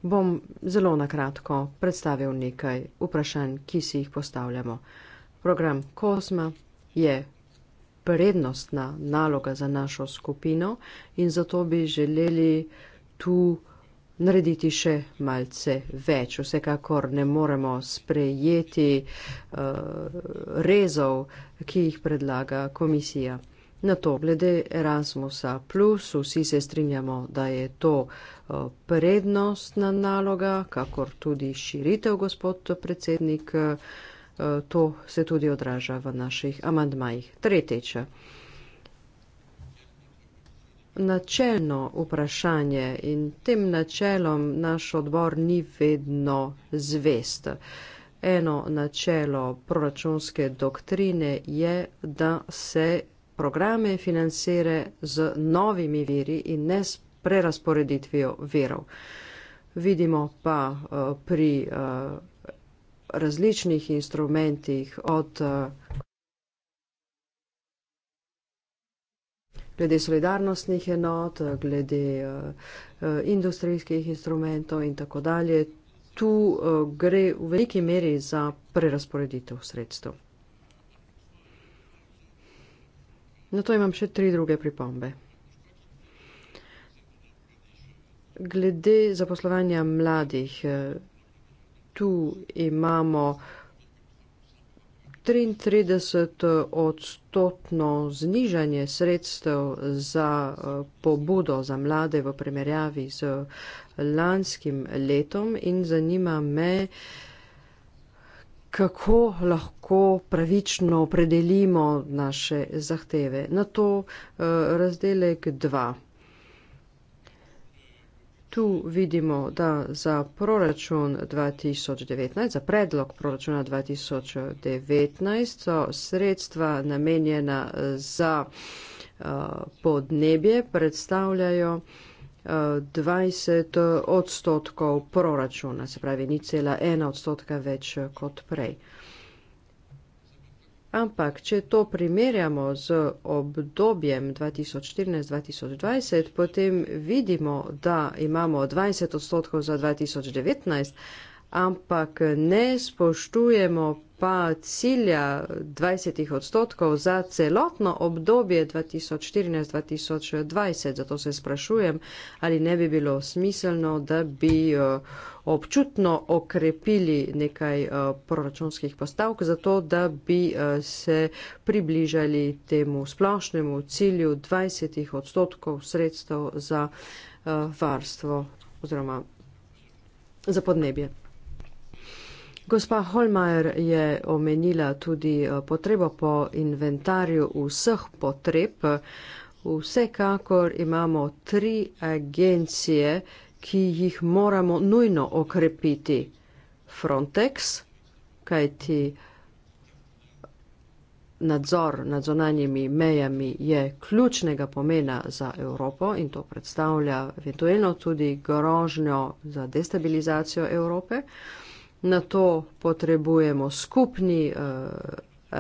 bom zelo na kratko predstavil nekaj vprašanj, ki si jih postavljamo. Program Kosma je prednostna naloga za našo skupino in zato bi želeli tu narediti še malce več. Vsekakor ne moremo sprejeti uh, rezov, ki jih predlaga komisija. Na to, glede Erasmusa, plus, vsi se strinjamo, da je to eh, prednostna naloga, kakor tudi širitev, gospod predsednik, eh, to se tudi odraža v naših amandmajih. Tretjič. Načelno vprašanje in tem načelom naš odbor ni vedno zvest. Eno načelo proračunske doktrine je, da se programe financira z novimi veri in ne s prerasporeditvijo verov. Vidimo pa uh, pri uh, različnih instrumentih od. Uh, glede solidarnostnih enot, glede uh, industrijskih instrumentov in tako dalje, tu uh, gre v veliki meri za prerasporeditev sredstev. Na to imam še tri druge pripombe. Glede zaposlovanja mladih, eh, tu imamo 33 odstotno znižanje sredstev za eh, pobudo za mlade v primerjavi z eh, lanskim letom in zanima me, kako lahko pravično opredelimo naše zahteve. Na to eh, razdelek 2. Tu vidimo, da za proračun 2019, za predlog proračuna 2019 so sredstva namenjena za uh, podnebje predstavljajo 20 eh, odstotkov proračuna, se pravi, ni cela ena odstotka več eh, kot prej. Ampak, če to primerjamo z obdobjem 2014-2020, potem vidimo, da imamo 20 odstotkov za 2019 ampak ne spoštujemo pa cilja 20 odstotkov za celotno obdobje 2014-2020. Zato se sprašujem, ali ne bi bilo smiselno, da bi eh, občutno okrepili nekaj eh, proračunskih postavk, zato da bi eh, se približali temu splošnemu cilju 20 odstotkov sredstev za varstvo oziroma za podnebje. Gospa Holmajer je omenila tudi eh, potrebo po inventarju vseh potreb. Vsekakor imamo tri agencije, ki jih moramo nujno okrepiti. Frontex, kajti nadzor nad zonanjimi mejami je ključnega pomena za Evropo in to predstavlja eventualno tudi grožnjo za destabilizacijo Evrope na to potrebujemo skupni uh, uh,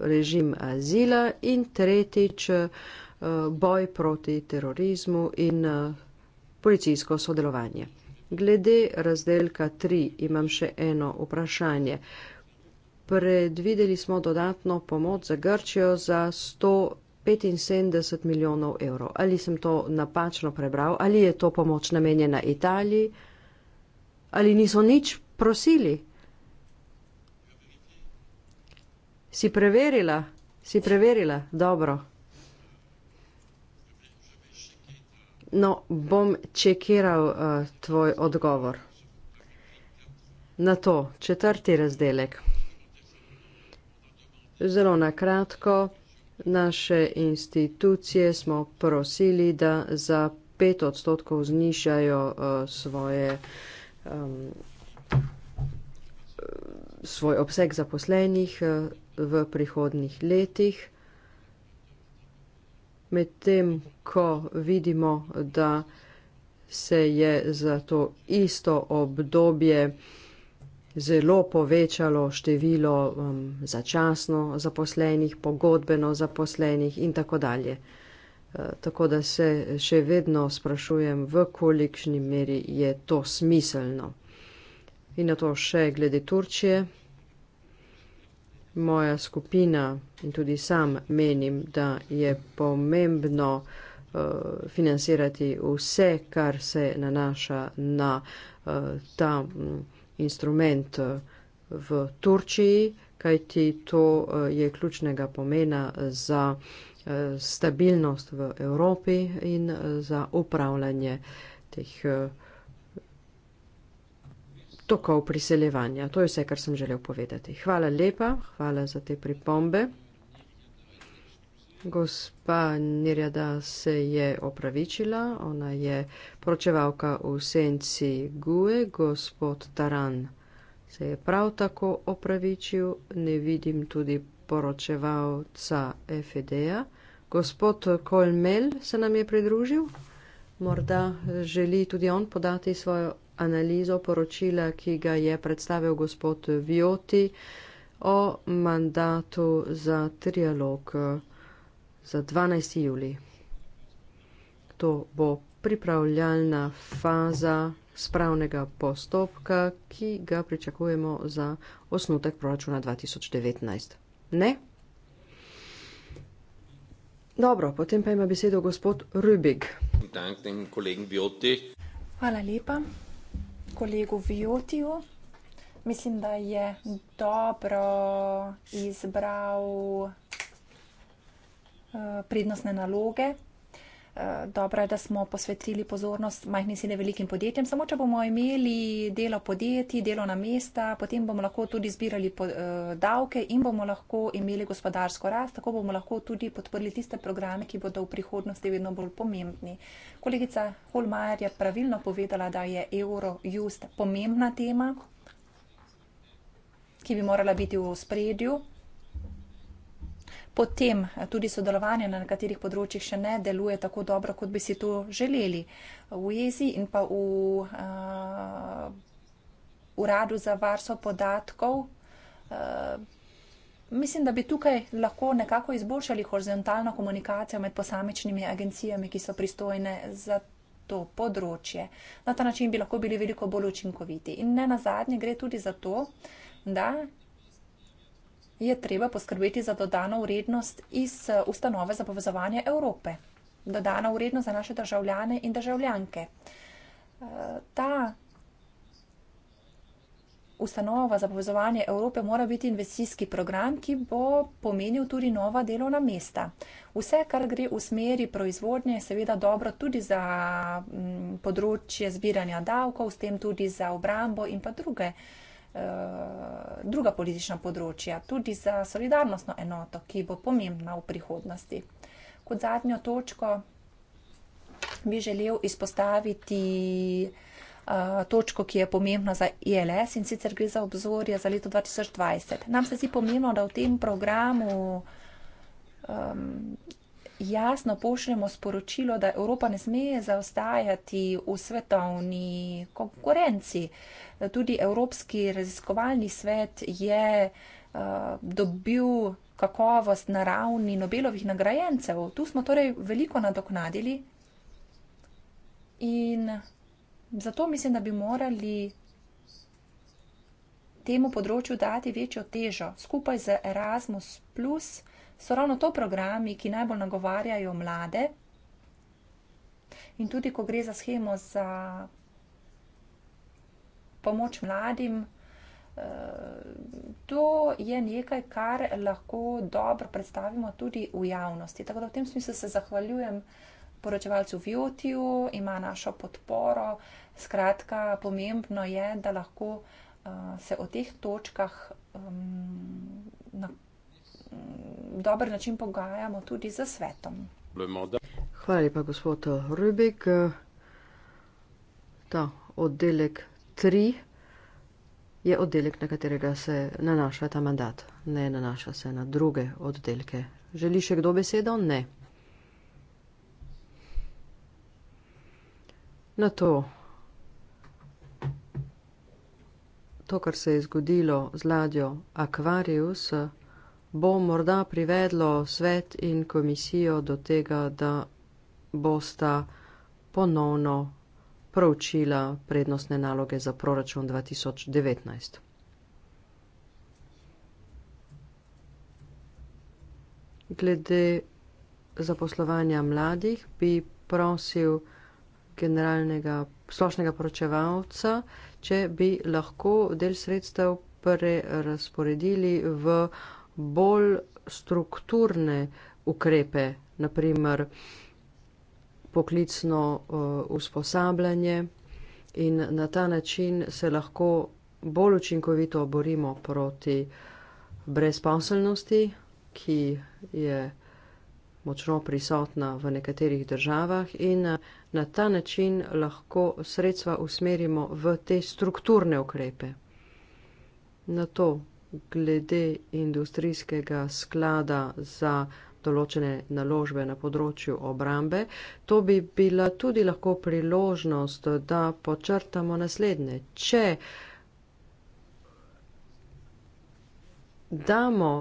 režim azila in tretjič uh, boj proti terorizmu in uh, policijsko sodelovanje. Glede razdelka 3 imam še eno vprašanje. Predvideli smo dodatno pomoč za Grčijo za 175 milijonov evrov. Ali sem to napačno prebral, ali je to pomoč namenjena Italiji, ali niso nič prosili. Si preverila, si preverila, dobro. No, bom čekiral uh, tvoj odgovor. Na to, četrti razdelek. Zelo na kratko, naše institucije smo prosili, da za pet odstotkov znišajo uh, eh, svoje. Um, svoj obseg zaposlenih eh, v prihodnih letih. Medtem, ko vidimo, da se je za to isto obdobje zelo povečalo število um, začasno zaposlenih, pogodbeno zaposlenih in tako dalje. E, tako da se še vedno sprašujem, v kolikšni meri je to smiselno. In na to še glede Turčije. Moja skupina in tudi sam menim, da je pomembno uh, financirati vse, kar se nanaša na uh, ta m, mm, instrument eh, v Turčiji, kajti to uh, je ključnega pomena za uh, stabilnost v Evropi in uh, za upravljanje teh. Uh, tokov priseljevanja. To je vse, kar sem želel povedati. Hvala lepa, hvala za te pripombe. Gospa Nirjada se je opravičila, ona je poročevalka v senci Gue, gospod Taran se je prav tako opravičil, ne vidim tudi poročevalca FED-a. Gospod Kolmel se nam je pridružil, morda želi tudi on podati svojo analizo poročila, ki ga je predstavil gospod Vioti o mandatu za trialog eh, za 12. juli. To bo pripravljalna faza spravnega postopka, ki ga pričakujemo za osnutek proračuna 2019. Ne? Dobro, potem pa ima besedo gospod Rübig. Hvala lepa kolegu Vijotiju. Mislim, da je dobro izbral uh, prednostne naloge. Eh, dobro je, da smo posvetili pozornost majhnim sine velikim podjetjem. Samo, če bomo imeli delo podjetij, delo na mesta, potem bomo lahko tudi zbirali eh, davke in bomo lahko imeli gospodarsko rast, tako bomo lahko tudi podprli tiste programe, ki bodo v prihodnosti vedno bolj pomembni. Kolegica Holmajer je pravilno povedala, da je Eurojust pomembna tema, ki bi morala biti v spredju potem eh, tudi sodelovanje na nekaterih področjih še ne deluje tako dobro, kot bi si to želeli. V Jezi in pa v uh, uradu za varstvo podatkov. Uh, Mislim, da bi tukaj lahko nekako izboljšali horizontalno komunikacijo med posamičnimi agencijami, ki so pristojne za to področje. Na ta način bi lahko bili veliko bolj učinkoviti. In ne na zadnje gre tudi za to, da je treba poskrbeti za dodano vrednost iz eh, ustanove za povezovanje Evrope. Dodana vrednost za naše državljane in državljanke. Eh, ta ustanova za povezovanje Evrope mora biti investicijski program, ki bo pomenil tudi nova delovna mesta. Vse, kar gre v smeri proizvodnje, je seveda dobro tudi za mm, področje zbiranja davkov, s tem tudi za obrambo in pa druge. Eh, druga politična področja, tudi za solidarnostno enoto, ki bo pomembna v prihodnosti. Kot zadnjo točko bi želel izpostaviti eh, točko, ki je pomembna za ILS e in sicer gre za obzorje za leto 2020. Nam se zdi pomembno, da v tem programu um, jasno pošljemo sporočilo, da Evropa ne sme zaostajati v svetovni konkurenci. Tudi Evropski raziskovalni svet je uh, dobil kakovost na ravni Nobelovih nagrajencev. Tu smo torej veliko nadoknadili in zato mislim, da bi morali temu področju dati večjo težo skupaj z Erasmus so ravno to programi, ki najbolj nagovarjajo mlade. In tudi, ko gre za schemo za pomoč mladim, eh, to je nekaj, kar lahko dobro predstavimo tudi v javnosti. Tako da v tem smislu se zahvaljujem poročevalcu Vjotiju, ima našo podporo. Skratka, pomembno je, da lahko eh, se o teh točkah um, dober način pogajamo tudi za svetom. Hvala lepa, gospod Rubik. Ta oddelek 3 je oddelek, na katerega se nanaša ta mandat. Ne nanaša se na druge oddelke. Želi še kdo besedo? Ne. Na to, to, kar se je zgodilo z ladjo Aquarius, bo morda privedlo svet in komisijo do tega, da bosta ponovno proučila prednostne naloge za proračun 2019. Glede zaposlovanja mladih bi prosil generalnega splošnega poročevalca, če bi lahko del sredstev prerasporedili v uh, bolj strukturne ukrepe, naprimer poklicno uh, usposabljanje in na ta način se lahko bolj učinkovito borimo proti brezposelnosti, ki je močno prisotna v nekaterih državah in na ta način lahko sredstva usmerimo v te strukturne ukrepe. Na to glede industrijskega sklada za določene naložbe na področju obrambe, to bi bila tudi lahko priložnost, da počrtamo naslednje. Če damo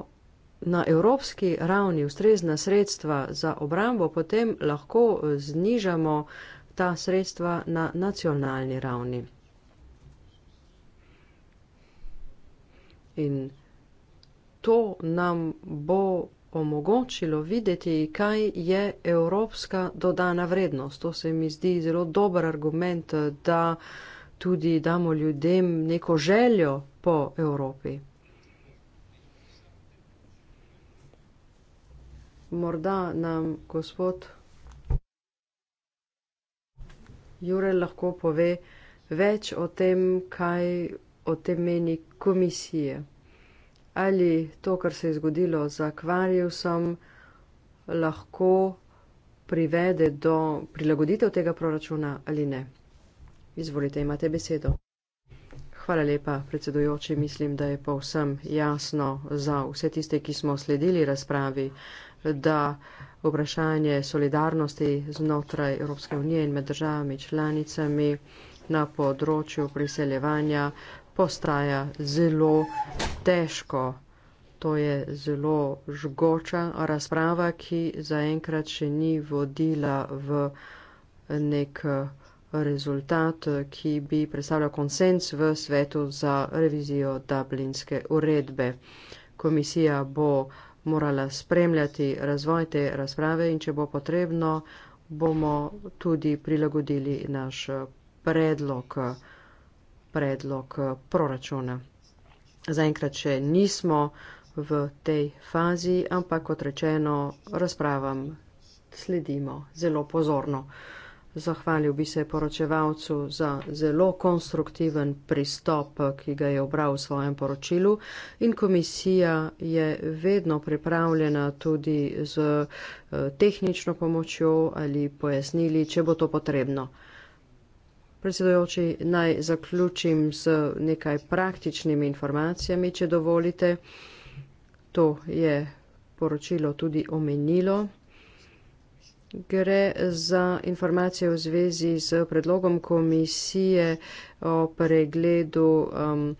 na evropski ravni ustrezna sredstva za obrambo, potem lahko znižamo ta sredstva na nacionalni ravni. In to nam bo omogočilo videti, kaj je evropska dodana vrednost. To se mi zdi zelo dober argument, da tudi damo ljudem neko željo po Evropi. Morda nam gospod Jure lahko pove več o tem, kaj o tem meni komisije. Ali to, kar se je zgodilo z akvarijusom, lahko privede do prilagoditev tega proračuna ali ne. Izvolite, imate besedo. Hvala lepa, predsedujoči. Mislim, da je povsem jasno za vse tiste, ki smo sledili razpravi, da vprašanje solidarnosti znotraj Evropske unije in med državami članicami na področju priseljevanja postaja zelo težko. To je zelo žgoča razprava, ki zaenkrat še ni vodila v nek rezultat, ki bi predstavljal konsens v svetu za revizijo dublinske uredbe. Komisija bo morala spremljati razvoj te razprave in če bo potrebno, bomo tudi prilagodili naš predlog predlog eh, proračuna. Zaenkrat še nismo v tej fazi, ampak kot rečeno, razpravam sledimo zelo pozorno. Zahvalil bi se poročevalcu za zelo konstruktiven pristop, ki ga je obral v svojem poročilu in komisija je vedno pripravljena tudi z eh, tehnično pomočjo ali pojasnili, če bo to potrebno. Predsedujoči, naj zaključim s nekaj praktičnimi informacijami, če dovolite. To je poročilo tudi omenilo. Gre za informacije v zvezi z predlogom komisije o pregledu um,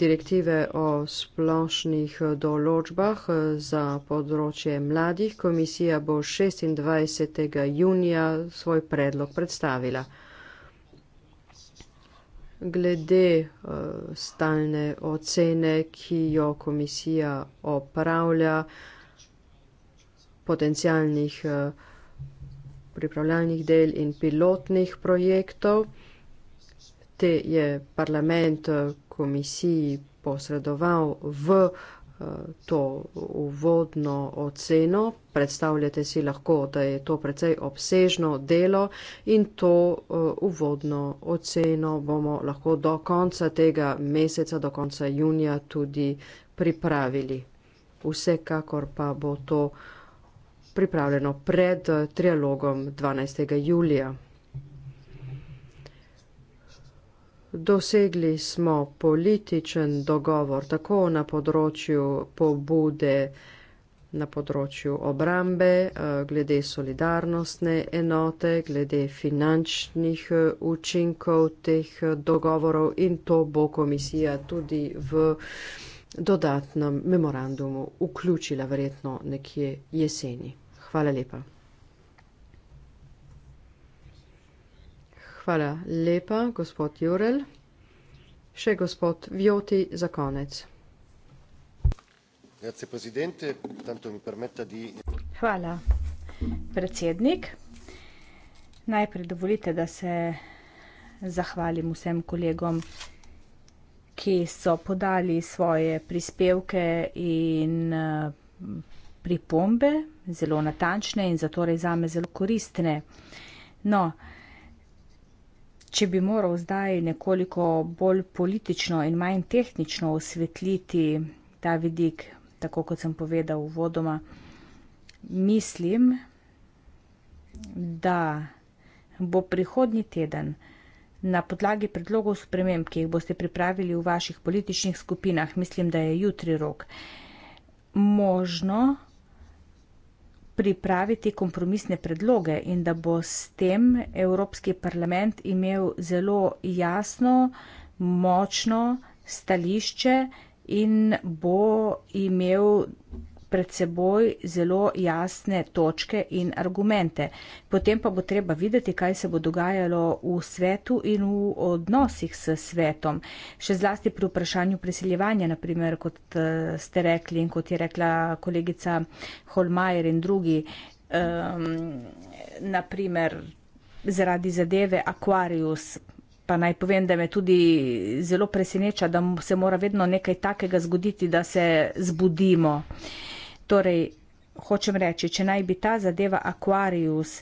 direktive o splošnih določbah za področje mladih. Komisija bo 26. junija svoj predlog predstavila. Glede eh, stalne ocene, ki jo komisija opravlja, potencijalnih eh, pripravljalnih del in pilotnih projektov, te je parlament komisiji posredoval v eh, to uvodno oceno. Predstavljate si lahko, da je to precej obsežno delo in to eh, uvodno oceno bomo lahko do konca tega meseca, do konca junija tudi pripravili. Vsekakor pa bo to pripravljeno pred trialogom 12. julija. dosegli smo političen dogovor tako na področju pobude, na področju obrambe, eh, glede solidarnostne enote, glede finančnih eh, učinkov teh eh, dogovorov in to bo komisija tudi v dodatnem memorandumu vključila verjetno nekje jeseni. Hvala lepa. Hvala lepa, gospod Jurel. Še gospod Vjoti za konec. Hvala, predsednik. Najprej dovolite, da se zahvalim vsem kolegom, ki so podali svoje prispevke in pripombe, zelo natančne in zatorej zame zelo koristne. No, Če bi moral zdaj nekoliko bolj politično in manj tehnično osvetliti ta vidik, tako kot sem povedal uvodoma, mislim, da bo prihodnji teden na podlagi predlogov sprememb, ki jih boste pripravili v vaših političnih skupinah, mislim, da je jutri rok, možno, pripraviti kompromisne predloge in da bo s tem Evropski parlament imel zelo jasno, močno stališče in bo imel pred seboj zelo jasne točke in argumente. Potem pa bo treba videti, kaj se bo dogajalo v svetu in v odnosih s svetom. Še zlasti pri vprašanju priseljevanja, naprimer, kot eh, ste rekli in kot je rekla kolegica Holmajer in drugi, um, ehm, naprimer, zaradi zadeve Aquarius. Pa naj povem, da me tudi zelo preseneča, da se mora vedno nekaj takega zgoditi, da se zbudimo. Uh, Torej, hočem reči, če naj bi ta zadeva Aquarius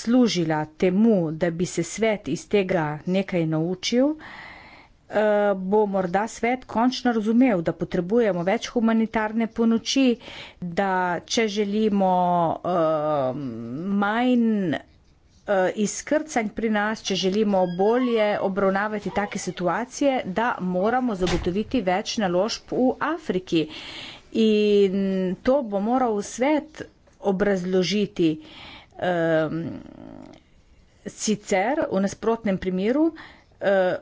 služila temu, da bi se svet iz tega nekaj naučil, eh, bo morda svet končno razumev, da potrebujemo več humanitarne ponoči, da če želimo uh, manj uh, izkrcanj pri nas, če želimo bolje obravnavati take situacije, da moramo zagotoviti več naložb v Afriki. In to bo moral svet obrazložiti. Um, sicer v nasprotnem primeru uh,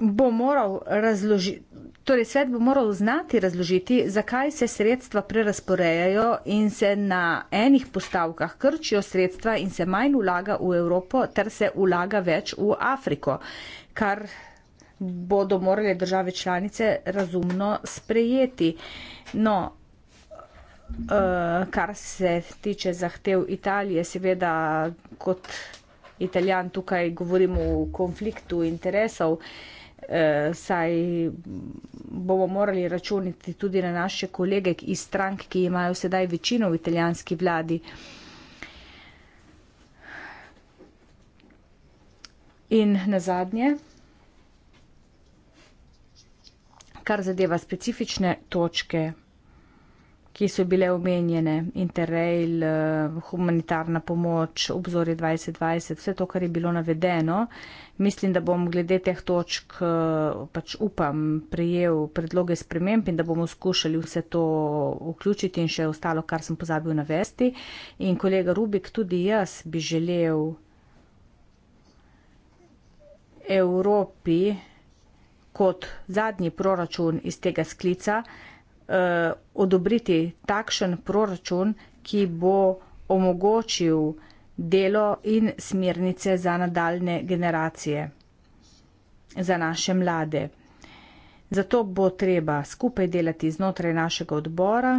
bo moral razložiti, torej svet bo moral znati razložiti, zakaj se sredstva prerasporejajo in se na enih postavkah krčijo sredstva in se manj vlaga v Evropo, ter se vlaga več v Afriko, kar bodo morale države članice razumno sprejeti. No, eh, kar se tiče zahtev Italije, seveda kot italijan tukaj govorimo o konfliktu interesov, eh, saj bomo morali računiti tudi na naše kolege iz strank, ki imajo sedaj večino v italijanski vladi. In na zadnje. kar zadeva specifične točke, ki so bile omenjene, interrail, eh, humanitarna pomoč, obzorje 2020, vse to, kar je bilo navedeno. Mislim, da bom glede teh točk, eh, pač upam, prejel predloge sprememb in da bomo skušali vse to vključiti in še ostalo, kar sem pozabil navesti. In kolega Rubik, tudi jaz bi želel Evropi, kot zadnji proračun iz tega sklica eh, odobriti takšen proračun, ki bo omogočil delo in smernice za nadaljne generacije, za naše mlade. Zato bo treba skupaj delati znotraj našega odbora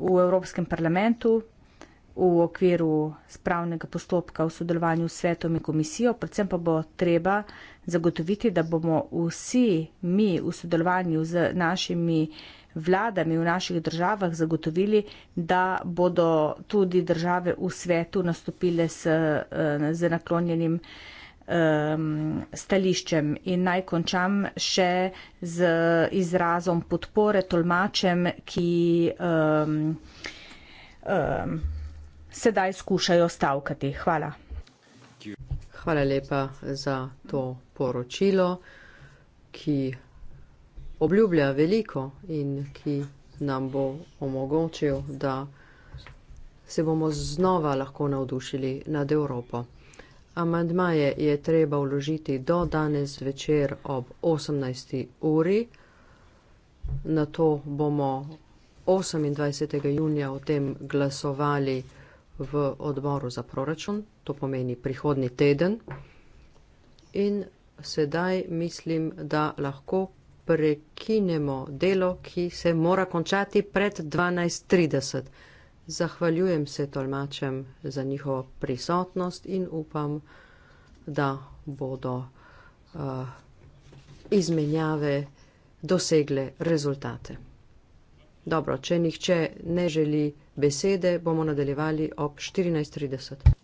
v Evropskem parlamentu v okviru spravnega postopka v sodelovanju s svetom in komisijo, predvsem pa bo treba eh, zagotoviti, da bomo vsi mi v sodelovanju z našimi vladami v naših državah zagotovili, da bodo tudi države v svetu nastopile s, eh, z naklonjenim stališčem in naj končam še z izrazom podpore tolmačem, ki um, um, sedaj skušajo stavkati. Hvala. Thank you. Hvala lepa za to poročilo, ki obljublja veliko in ki nam bo omogočil, da se bomo znova lahko navdušili nad Evropo. Amandmaje je treba vložiti do danes večer ob 18. uri. Na to bomo 28. junija o tem glasovali v odboru za proračun, to pomeni prihodni teden. In sedaj mislim, da lahko prekinemo delo, ki se mora končati pred 12.30. Zahvaljujem se tolmačem za njihovo prisotnost in upam, da bodo uh, izmenjave dosegle rezultate. Dobro, če nihče ne želi. Besede bomo nadaljevali ob 14.30.